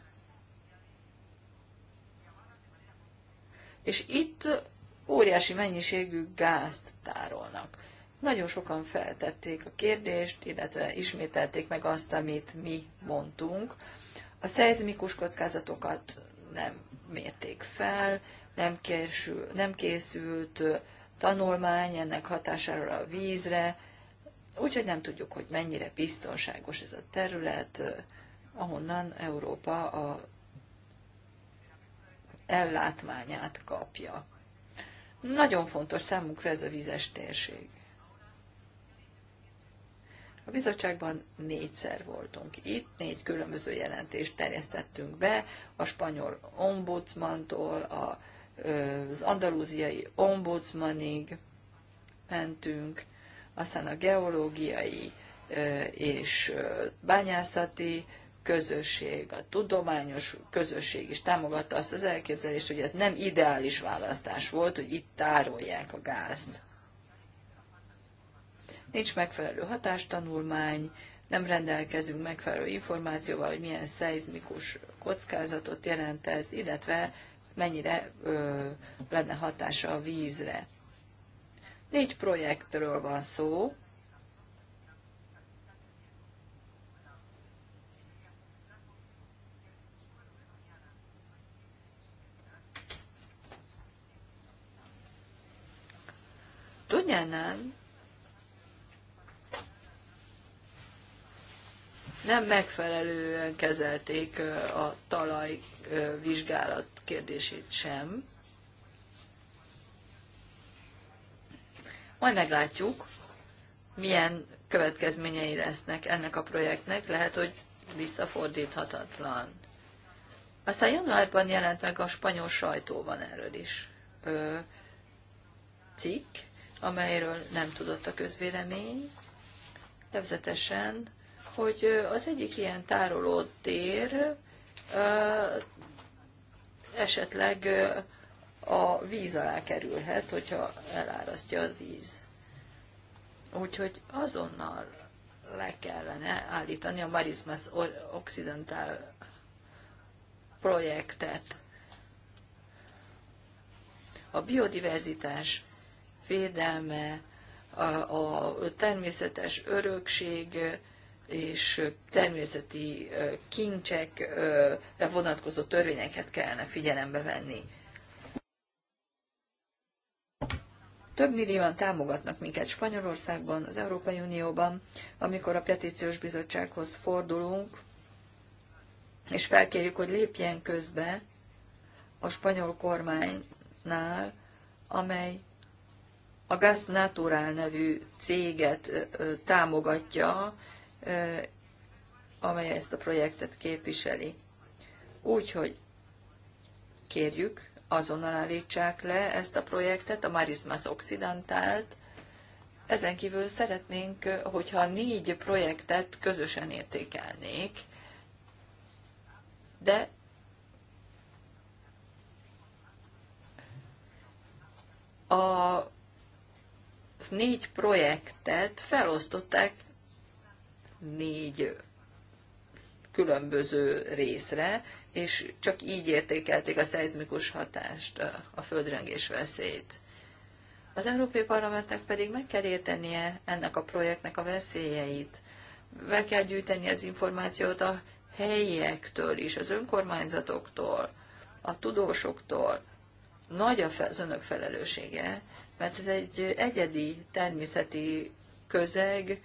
és itt óriási mennyiségű gázt tárolnak. Nagyon sokan feltették a kérdést, illetve ismételték meg azt, amit mi mondtunk. A szeizmikus kockázatokat nem mérték fel, nem, kérsül, nem készült tanulmány ennek hatására a vízre, úgyhogy nem tudjuk, hogy mennyire biztonságos ez a terület, ahonnan Európa a ellátmányát kapja. Nagyon fontos számunkra ez a vizes térség. A bizottságban négyszer voltunk itt, négy különböző jelentést terjesztettünk be, a spanyol ombudsmantól, a, az andalúziai ombudsmanig mentünk, aztán a geológiai és bányászati közösség, a tudományos közösség is támogatta azt az elképzelést, hogy ez nem ideális választás volt, hogy itt tárolják a gázt nincs megfelelő hatástanulmány, nem rendelkezünk megfelelő információval, hogy milyen szeizmikus kockázatot jelent ez, illetve mennyire ö, lenne hatása a vízre. Négy projektről van szó. Tudjánál nem megfelelően kezelték a talaj vizsgálat kérdését sem. Majd meglátjuk, milyen következményei lesznek ennek a projektnek, lehet, hogy visszafordíthatatlan. Aztán januárban jelent meg a spanyol sajtóban erről is ö, cikk, amelyről nem tudott a közvélemény, nevezetesen hogy az egyik ilyen tér esetleg a víz alá kerülhet, hogyha elárasztja a víz. Úgyhogy azonnal le kellene állítani a Marismas Occidental projektet. A biodiverzitás védelme, a természetes örökség és természeti kincsekre vonatkozó törvényeket kellene figyelembe venni. Több millióan támogatnak minket Spanyolországban, az Európai Unióban, amikor a petíciós bizottsághoz fordulunk, és felkérjük, hogy lépjen közbe a spanyol kormánynál, amely a Gas Natural nevű céget támogatja, amely ezt a projektet képviseli. Úgyhogy kérjük, azonnal állítsák le ezt a projektet, a Marismas Occidentált. Ezen kívül szeretnénk, hogyha négy projektet közösen értékelnék, de a négy projektet felosztották négy különböző részre, és csak így értékelték a szeizmikus hatást, a földrengés veszélyt. Az Európai Parlamentnek pedig meg kell értenie ennek a projektnek a veszélyeit. Meg kell gyűjteni az információt a helyiektől is, az önkormányzatoktól, a tudósoktól. Nagy az önök felelőssége, mert ez egy egyedi természeti közeg,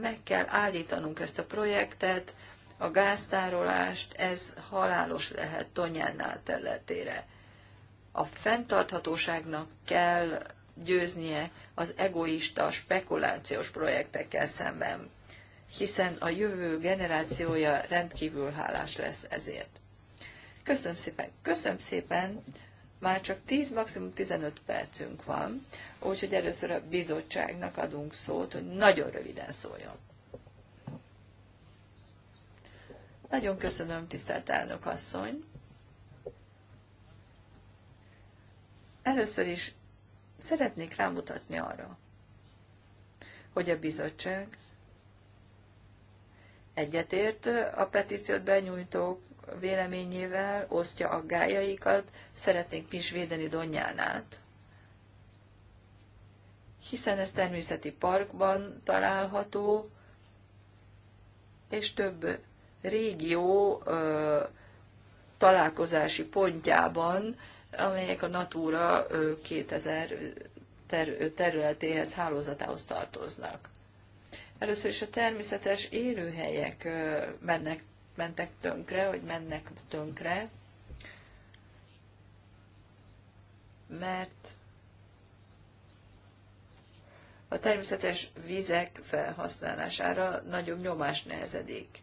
meg kell állítanunk ezt a projektet, a gáztárolást, ez halálos lehet Tonyánnál területére. A fenntarthatóságnak kell győznie az egoista, spekulációs projektekkel szemben, hiszen a jövő generációja rendkívül hálás lesz ezért. Köszönöm szépen, köszönöm szépen már csak 10, maximum 15 percünk van, úgyhogy először a bizottságnak adunk szót, hogy nagyon röviden szóljon. Nagyon köszönöm, tisztelt elnök asszony. Először is szeretnék rámutatni arra, hogy a bizottság egyetért a petíciót benyújtók véleményével, osztja a gájaikat, szeretnénk mi is védeni Donjánát. Hiszen ez természeti parkban található, és több régió ö, találkozási pontjában, amelyek a Natura 2000 ter- területéhez, hálózatához tartoznak. Először is a természetes élőhelyek mennek mentek tönkre, vagy mennek tönkre, mert a természetes vizek felhasználására nagyobb nyomás nehezedik.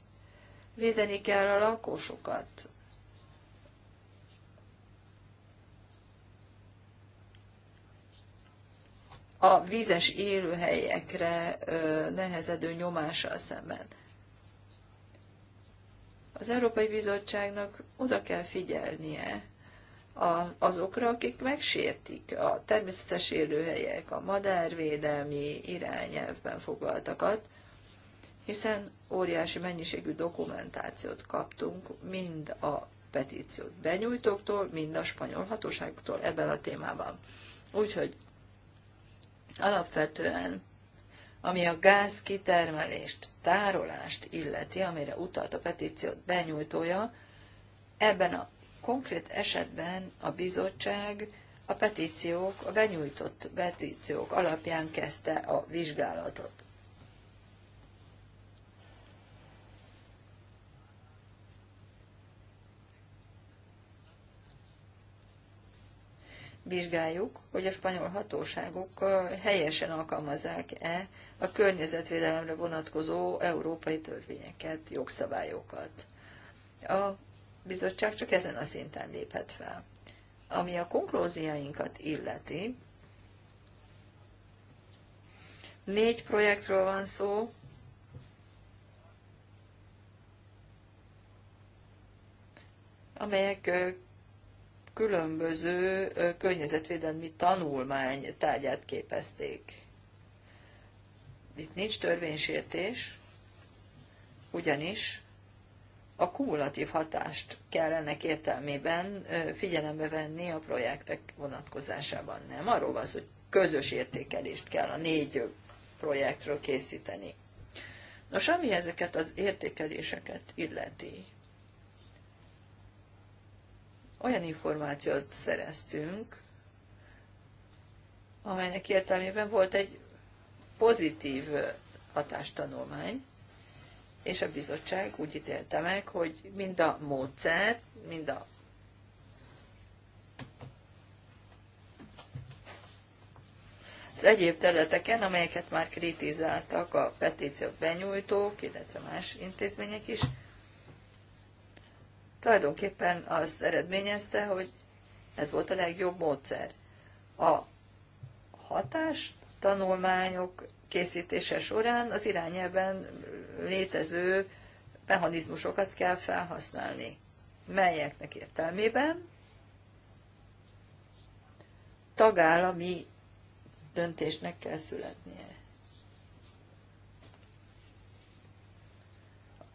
Védeni kell a lakosokat. A vízes élőhelyekre nehezedő nyomással szemben. Az Európai Bizottságnak oda kell figyelnie a, azokra, akik megsértik a természetes élőhelyek, a madárvédelmi irányelvben foglaltakat, hiszen óriási mennyiségű dokumentációt kaptunk mind a petíciót benyújtóktól, mind a spanyol hatóságoktól ebben a témában. Úgyhogy alapvetően ami a gáz kitermelést, tárolást illeti, amire utalt a petíciót benyújtója, ebben a konkrét esetben a bizottság a petíciók, a benyújtott petíciók alapján kezdte a vizsgálatot. vizsgáljuk, hogy a spanyol hatóságok helyesen alkalmazzák-e a környezetvédelemre vonatkozó európai törvényeket, jogszabályokat. A bizottság csak ezen a szinten léphet fel. Ami a konklóziainkat illeti, négy projektről van szó, amelyek különböző környezetvédelmi tanulmány tárgyát képezték. Itt nincs törvénysértés, ugyanis a kumulatív hatást kell ennek értelmében figyelembe venni a projektek vonatkozásában. Nem arról van szó, hogy közös értékelést kell a négy projektről készíteni. Nos, ami ezeket az értékeléseket illeti, olyan információt szereztünk, amelynek értelmében volt egy pozitív hatástanulmány, és a bizottság úgy ítélte meg, hogy mind a módszer, mind a az egyéb területeken, amelyeket már kritizáltak a petíciók benyújtók, illetve más intézmények is, tulajdonképpen azt eredményezte, hogy ez volt a legjobb módszer. A hatás tanulmányok készítése során az irányelven létező mechanizmusokat kell felhasználni, melyeknek értelmében tagállami döntésnek kell születnie.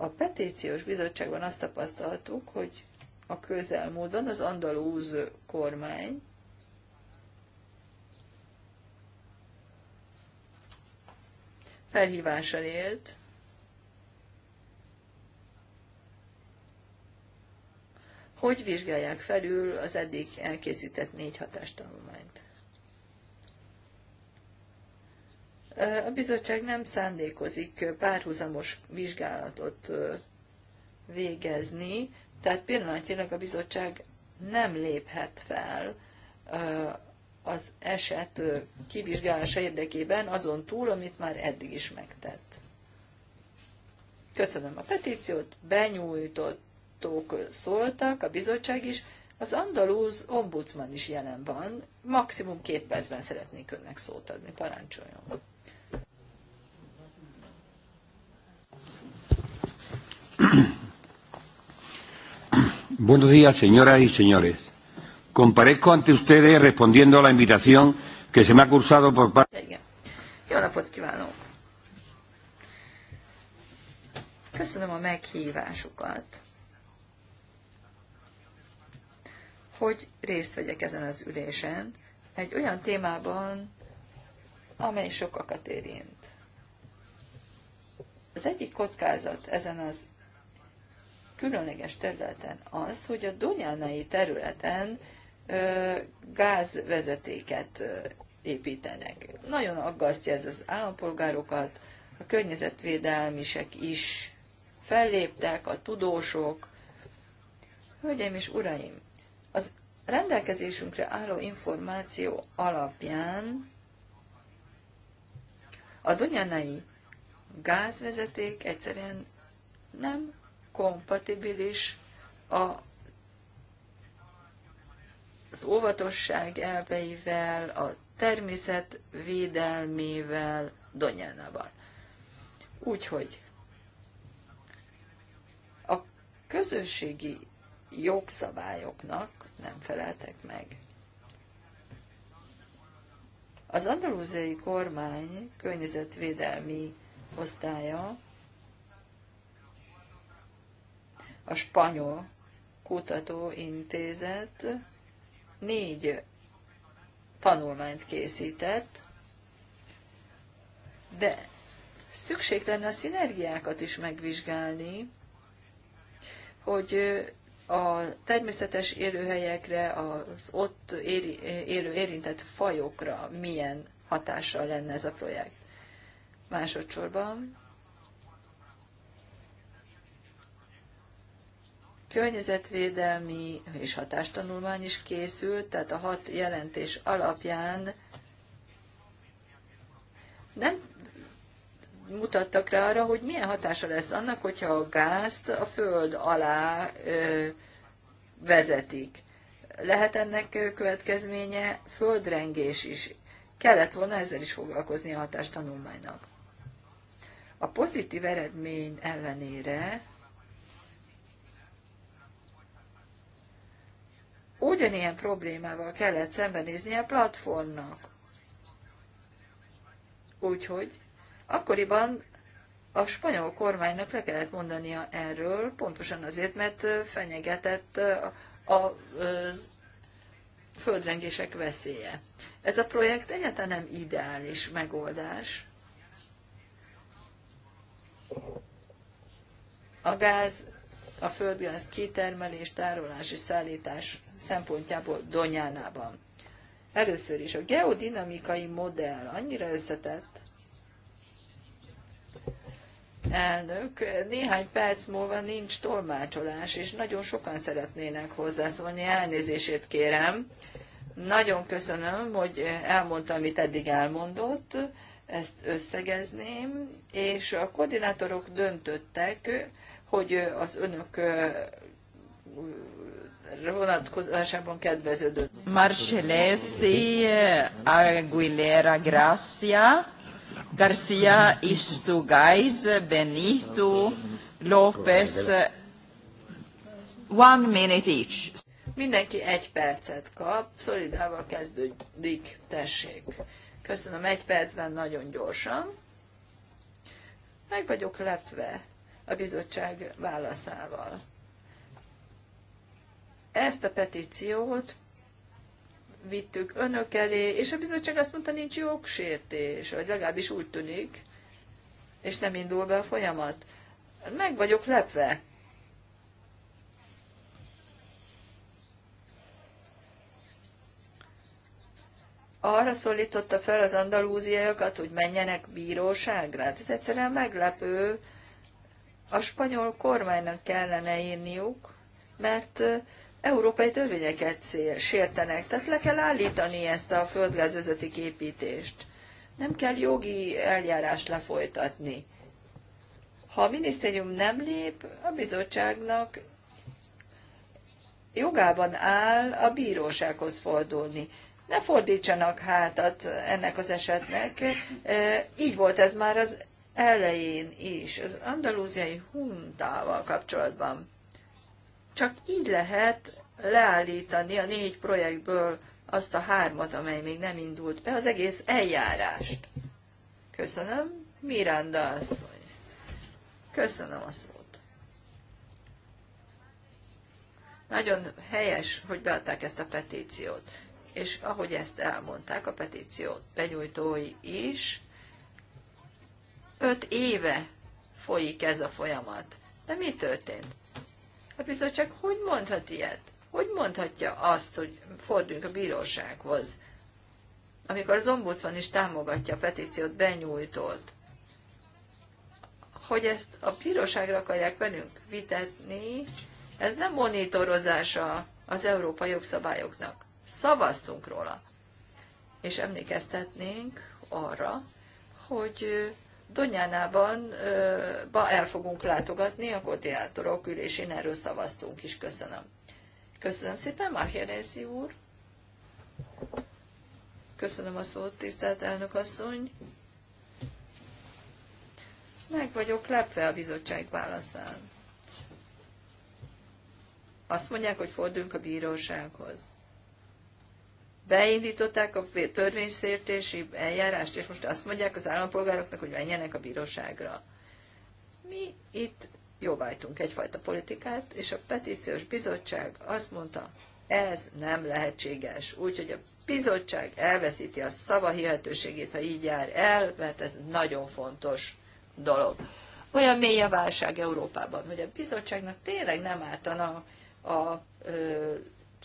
A petíciós bizottságban azt tapasztaltuk, hogy a közelmúltban az andalúz kormány felhívással élt, hogy vizsgálják felül az eddig elkészített négy hatástanulmányt. A bizottság nem szándékozik párhuzamos vizsgálatot végezni, tehát pillanatilag a bizottság nem léphet fel az eset kivizsgálása érdekében azon túl, amit már eddig is megtett. Köszönöm a petíciót, benyújtottók szóltak, a bizottság is, az andalúz ombudsman is jelen van. Maximum két percben szeretnék önnek szót adni, parancsoljon. Buenos días, señoras y señores. Comparezco ante ustedes respondiendo a la invitación que se me ha cursado por parte. Jó napot kívánok! Köszönöm a meghívásukat, hogy részt vegyek ezen az ülésen egy olyan témában, amely sokakat érint. Az egyik kockázat ezen az különleges területen az, hogy a Donyánai területen gázvezetéket építenek. Nagyon aggasztja ez az állampolgárokat, a környezetvédelmisek is felléptek, a tudósok. Hölgyeim és uraim, az rendelkezésünkre álló információ alapján a Donyánai gázvezeték egyszerűen nem kompatibilis a, az óvatosság elveivel, a természet védelmével Donyánával. Úgyhogy a közösségi jogszabályoknak nem feleltek meg. Az andalúziai kormány környezetvédelmi osztálya a spanyol kutatóintézet négy tanulmányt készített, de szükség lenne a szinergiákat is megvizsgálni, hogy a természetes élőhelyekre, az ott éri, élő érintett fajokra milyen hatással lenne ez a projekt. Másodszorban Környezetvédelmi és hatástanulmány is készült, tehát a hat jelentés alapján nem mutattak rá arra, hogy milyen hatása lesz annak, hogyha a gázt a föld alá ö, vezetik. Lehet ennek következménye földrengés is. Kellett volna ezzel is foglalkozni a hatástanulmánynak. A pozitív eredmény ellenére ugyanilyen problémával kellett szembenézni a platformnak. Úgyhogy akkoriban a spanyol kormánynak le kellett mondania erről, pontosan azért, mert fenyegetett a földrengések veszélye. Ez a projekt egyáltalán nem ideális megoldás. A gáz, a földgáz kitermelés, tárolás és szállítás szempontjából Donyánában. Először is a geodinamikai modell annyira összetett, elnök, néhány perc múlva nincs tolmácsolás, és nagyon sokan szeretnének hozzászólni, elnézését kérem. Nagyon köszönöm, hogy elmondta, amit eddig elmondott, ezt összegezném, és a koordinátorok döntöttek, hogy az önök vonatkozásában kedveződött. Marcellesi, Aguilera Gracia, Garcia Istugaiz, Benito, López, one minute each. Mindenki egy percet kap, szolidával kezdődik, tessék. Köszönöm, egy percben nagyon gyorsan. Meg vagyok lepve a bizottság válaszával. Ezt a petíciót vittük önök elé, és a bizottság azt mondta, nincs jogsértés, vagy legalábbis úgy tűnik, és nem indul be a folyamat. Meg vagyok lepve. Arra szólította fel az andalúziaiakat, hogy menjenek bíróságra. Hát ez egyszerűen meglepő. A spanyol kormánynak kellene írniuk, mert európai törvényeket sértenek. Tehát le kell állítani ezt a földgázvezeték építést. Nem kell jogi eljárást lefolytatni. Ha a minisztérium nem lép, a bizottságnak jogában áll a bírósághoz fordulni. Ne fordítsanak hátat ennek az esetnek. E, így volt ez már az elején is, az andalúziai huntával kapcsolatban. Csak így lehet leállítani a négy projektből azt a hármat, amely még nem indult be, az egész eljárást. Köszönöm, Miranda asszony. Köszönöm a szót. Nagyon helyes, hogy beadták ezt a petíciót. És ahogy ezt elmondták, a petíció, benyújtói is, öt éve folyik ez a folyamat. De mi történt? A bizottság hogy mondhat ilyet? Hogy mondhatja azt, hogy forduljunk a bírósághoz, amikor az ombudsman is támogatja a petíciót, benyújtott? Hogy ezt a bíróságra akarják velünk vitetni, ez nem monitorozása az európai jogszabályoknak. Szavaztunk róla. És emlékeztetnénk arra, hogy Donyánában ba el fogunk látogatni, a koordinátorok ülésén erről szavaztunk is. Köszönöm. Köszönöm szépen, Márhérezi úr. Köszönöm a szót, tisztelt elnök asszony. Meg vagyok lepve a bizottság válaszán. Azt mondják, hogy fordulunk a bírósághoz beindították a törvényszértési eljárást, és most azt mondják az állampolgároknak, hogy menjenek a bíróságra. Mi itt jóváltunk egyfajta politikát, és a petíciós bizottság azt mondta, ez nem lehetséges. Úgyhogy a bizottság elveszíti a szava hihetőségét, ha így jár el, mert ez nagyon fontos dolog. Olyan mély a válság Európában, hogy a bizottságnak tényleg nem ártana a, a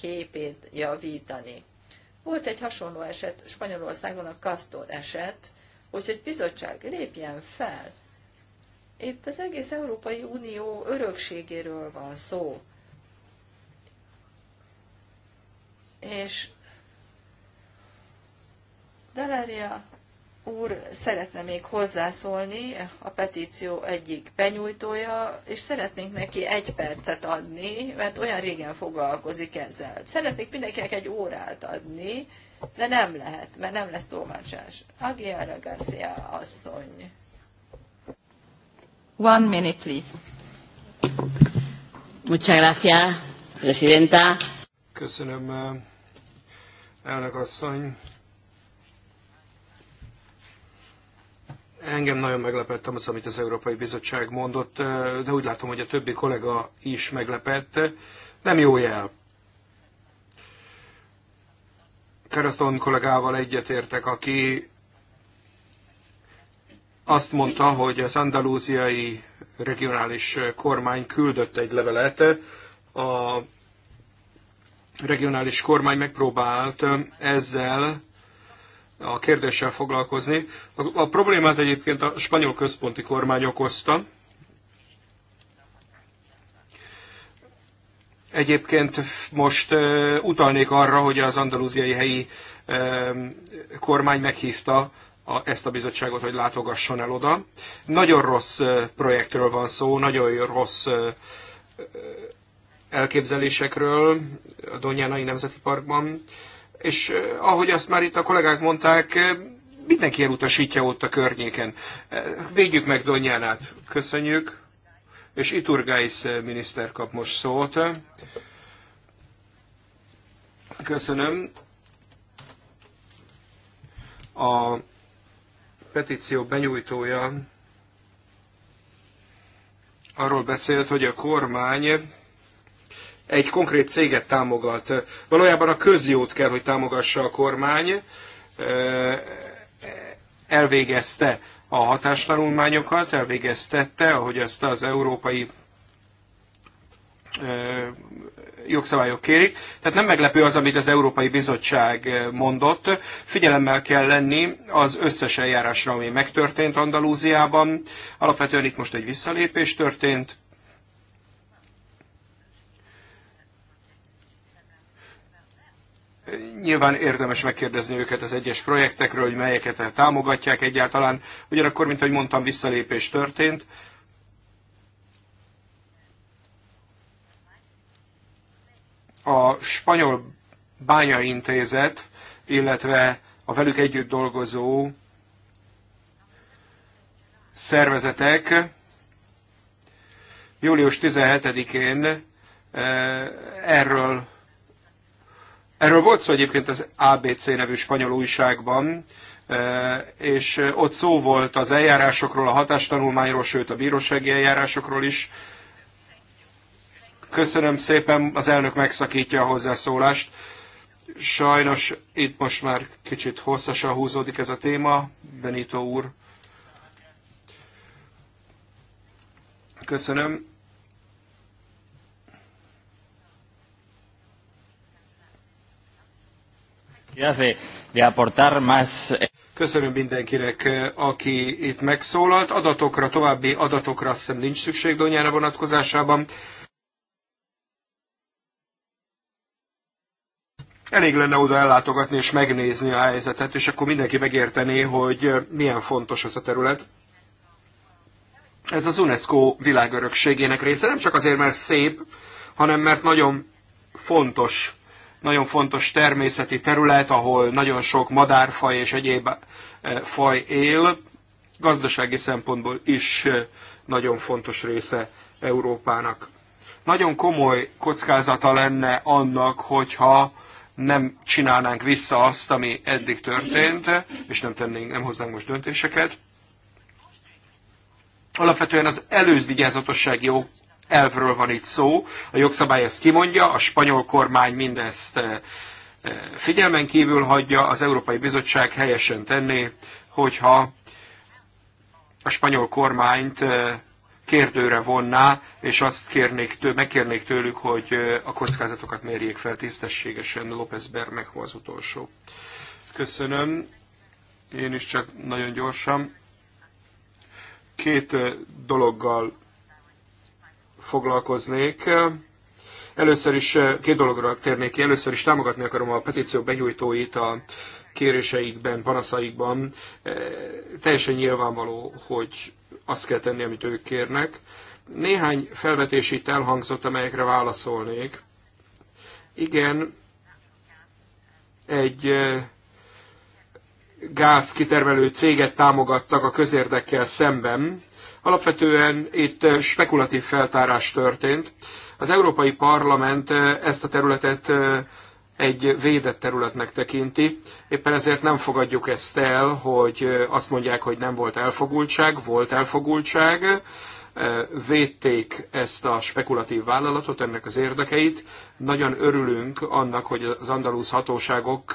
képét javítani. Volt egy hasonló eset Spanyolországban, a Castor eset, hogy egy bizottság lépjen fel. Itt az egész Európai Unió örökségéről van szó. És Deleria úr szeretne még hozzászólni, a petíció egyik benyújtója, és szeretnénk neki egy percet adni, mert olyan régen foglalkozik ezzel. Szeretnék mindenkinek egy órát adni, de nem lehet, mert nem lesz tolmácsás. Agiara Garcia asszony. One minute, please. Muchas gracias, presidenta. Köszönöm, eh, elnök asszony. Engem nagyon meglepett az, amit az Európai Bizottság mondott, de úgy látom, hogy a többi kollega is meglepett. Nem jó jel. Kereton kollégával egyetértek, aki azt mondta, hogy az andalúziai regionális kormány küldött egy levelet. A regionális kormány megpróbált ezzel a kérdéssel foglalkozni. A, a problémát egyébként a spanyol központi kormány okozta. Egyébként most utalnék arra, hogy az andalúziai helyi kormány meghívta a, ezt a bizottságot, hogy látogasson el oda. Nagyon rossz projektről van szó, nagyon rossz elképzelésekről a Donyánai Nemzeti Parkban. És eh, ahogy azt már itt a kollégák mondták, eh, mindenki elutasítja ott a környéken. Eh, védjük meg Donjánát. Köszönjük. És Iturgáis miniszter kap most szót. Köszönöm. A petíció benyújtója arról beszélt, hogy a kormány egy konkrét céget támogat. Valójában a közjót kell, hogy támogassa a kormány. Elvégezte a hatástanulmányokat, elvégeztette, ahogy ezt az európai jogszabályok kérik. Tehát nem meglepő az, amit az Európai Bizottság mondott. Figyelemmel kell lenni az összes eljárásra, ami megtörtént Andalúziában. Alapvetően itt most egy visszalépés történt, Nyilván érdemes megkérdezni őket az egyes projektekről, hogy melyeket támogatják egyáltalán. Ugyanakkor, mint ahogy mondtam, visszalépés történt. A spanyol bányaintézet, illetve a velük együtt dolgozó szervezetek július 17-én eh, erről Erről volt szó egyébként az ABC nevű spanyol újságban, e, és ott szó volt az eljárásokról, a hatástanulmányról, sőt a bírósági eljárásokról is. Köszönöm szépen, az elnök megszakítja a hozzászólást. Sajnos itt most már kicsit hosszasan húzódik ez a téma, Benito úr. Köszönöm. Eh, Köszönöm mindenkinek, eh, aki itt megszólalt. Adatokra, további adatokra azt hiszem nincs szükség Donyára vonatkozásában. Elég lenne oda ellátogatni és megnézni a helyzetet, és akkor mindenki megértené, hogy eh, milyen fontos ez a terület. Ez az UNESCO világörökségének része, nem csak azért, mert szép, hanem mert nagyon fontos nagyon fontos természeti terület, ahol nagyon sok madárfaj és egyéb eh, faj él, gazdasági szempontból is eh, nagyon fontos része Európának. Nagyon komoly kockázata lenne annak, hogyha nem csinálnánk vissza azt, ami eddig történt, és nem, tennénk, nem hoznánk most döntéseket. Alapvetően az elővigyázatossági elvről van itt szó, a jogszabály ezt kimondja, a spanyol kormány mindezt eh, eh, figyelmen kívül hagyja, az Európai Bizottság helyesen tenné, hogyha a spanyol kormányt eh, kérdőre vonná, és azt kérnék tő, megkérnék tőlük, hogy a kockázatokat mérjék fel tisztességesen. López Bermejo az utolsó. Köszönöm. Én is csak nagyon gyorsan. Két dologgal foglalkoznék. Először is eh, két dologra térnék ki. Először is támogatni akarom a petíció begyújtóit a kéréseikben, panaszaikban. Eh, teljesen nyilvánvaló, hogy azt kell tenni, amit ők kérnek. Néhány felvetés itt elhangzott, amelyekre válaszolnék. Igen, egy eh, gáz kitermelő céget támogattak a közérdekkel szemben, Alapvetően itt spekulatív feltárás történt. Az Európai Parlament ezt a területet egy védett területnek tekinti. Éppen ezért nem fogadjuk ezt el, hogy azt mondják, hogy nem volt elfogultság, volt elfogultság védték ezt a spekulatív vállalatot, ennek az érdekeit. Nagyon örülünk annak, hogy az andalusz hatóságok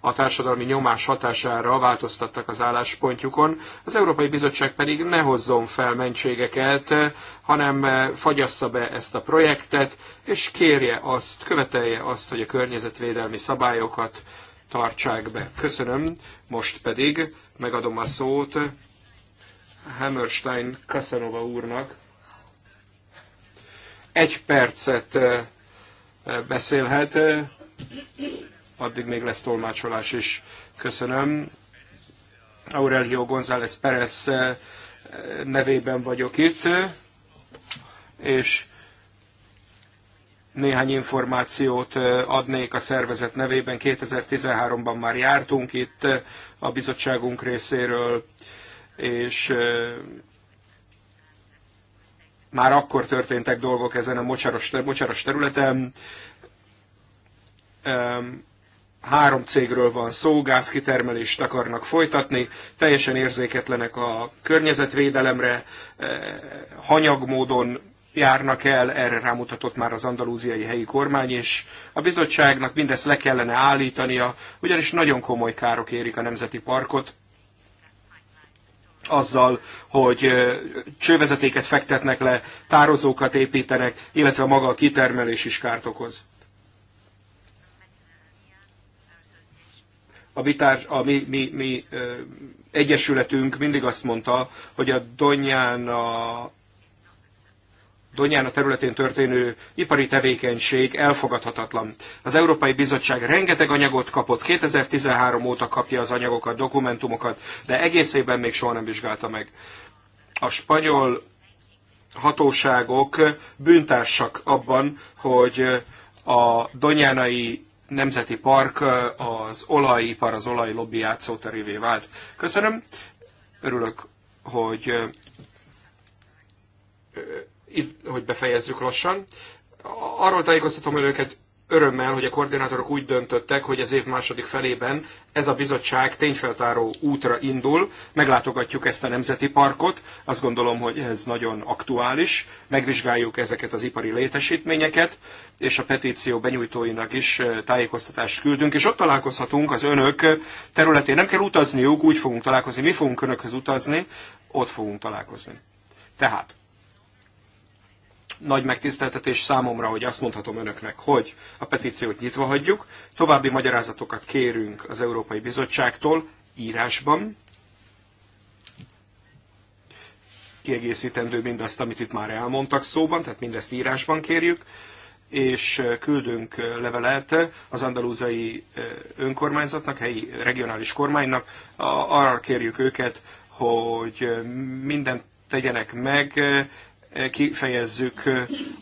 a társadalmi nyomás hatására változtattak az álláspontjukon. Az Európai Bizottság pedig ne hozzon fel mentségeket, hanem fagyassza be ezt a projektet, és kérje azt, követelje azt, hogy a környezetvédelmi szabályokat tartsák be. Köszönöm, most pedig megadom a szót Hammerstein Kasanova úrnak. Egy percet beszélhet, addig még lesz tolmácsolás is. Köszönöm. Aurelio González Perez nevében vagyok itt, és néhány információt adnék a szervezet nevében. 2013-ban már jártunk itt a bizottságunk részéről, és már akkor történtek dolgok ezen a mocsaros, mocsaros területen. Három cégről van szó, gázkitermelést akarnak folytatni, teljesen érzéketlenek a környezetvédelemre, hanyag módon járnak el, erre rámutatott már az andalúziai helyi kormány, és a bizottságnak mindezt le kellene állítania, ugyanis nagyon komoly károk érik a nemzeti parkot, azzal, hogy csővezetéket fektetnek le, tározókat építenek, illetve maga a kitermelés is kárt okoz. A mi, a mi, mi, mi egyesületünk mindig azt mondta, hogy a Donyán a Donyána területén történő ipari tevékenység elfogadhatatlan. Az Európai Bizottság rengeteg anyagot kapott, 2013 óta kapja az anyagokat, dokumentumokat, de egészében még soha nem vizsgálta meg. A spanyol hatóságok bűntársak abban, hogy a Donyánai Nemzeti Park az olajipar, az olajlobbi játszóterévé vált. Köszönöm, örülök, hogy hogy befejezzük lassan. Arról tájékoztatom önöket örömmel, hogy a koordinátorok úgy döntöttek, hogy az év második felében ez a bizottság tényfeltáró útra indul. Meglátogatjuk ezt a nemzeti parkot, azt gondolom, hogy ez nagyon aktuális. Megvizsgáljuk ezeket az ipari létesítményeket, és a petíció benyújtóinak is eh, tájékoztatást küldünk, és ott találkozhatunk az önök területén. Nem kell utazniuk, úgy fogunk találkozni, mi fogunk önökhöz utazni, ott fogunk találkozni. Tehát nagy megtiszteltetés számomra, hogy azt mondhatom önöknek, hogy a petíciót nyitva hagyjuk. További magyarázatokat kérünk az Európai Bizottságtól írásban. Kiegészítendő mindazt, amit itt már elmondtak szóban, tehát mindezt írásban kérjük és küldünk levelet az andalúzai önkormányzatnak, helyi regionális kormánynak. Arra kérjük őket, hogy mindent tegyenek meg kifejezzük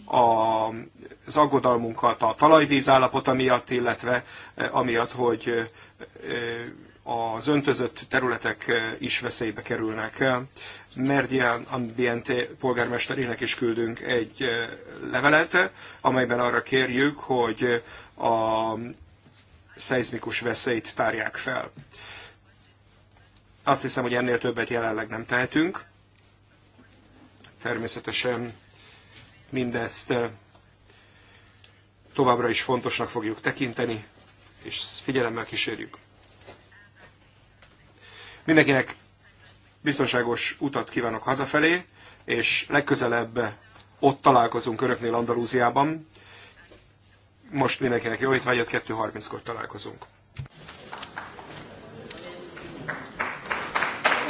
a, az aggodalmunkat a talajvíz állapota miatt, illetve amiatt, hogy az öntözött területek is veszélybe kerülnek. Merdian Ambiente polgármesterének is küldünk egy levelet, amelyben arra kérjük, hogy a szeizmikus veszélyt tárják fel. Azt hiszem, hogy ennél többet jelenleg nem tehetünk. Természetesen mindezt eh, továbbra is fontosnak fogjuk tekinteni, és figyelemmel kísérjük. Mindenkinek biztonságos utat kívánok hazafelé, és legközelebb ott találkozunk Öröknél Andalúziában. Most mindenkinek jó étvágyat, 2.30-kor találkozunk.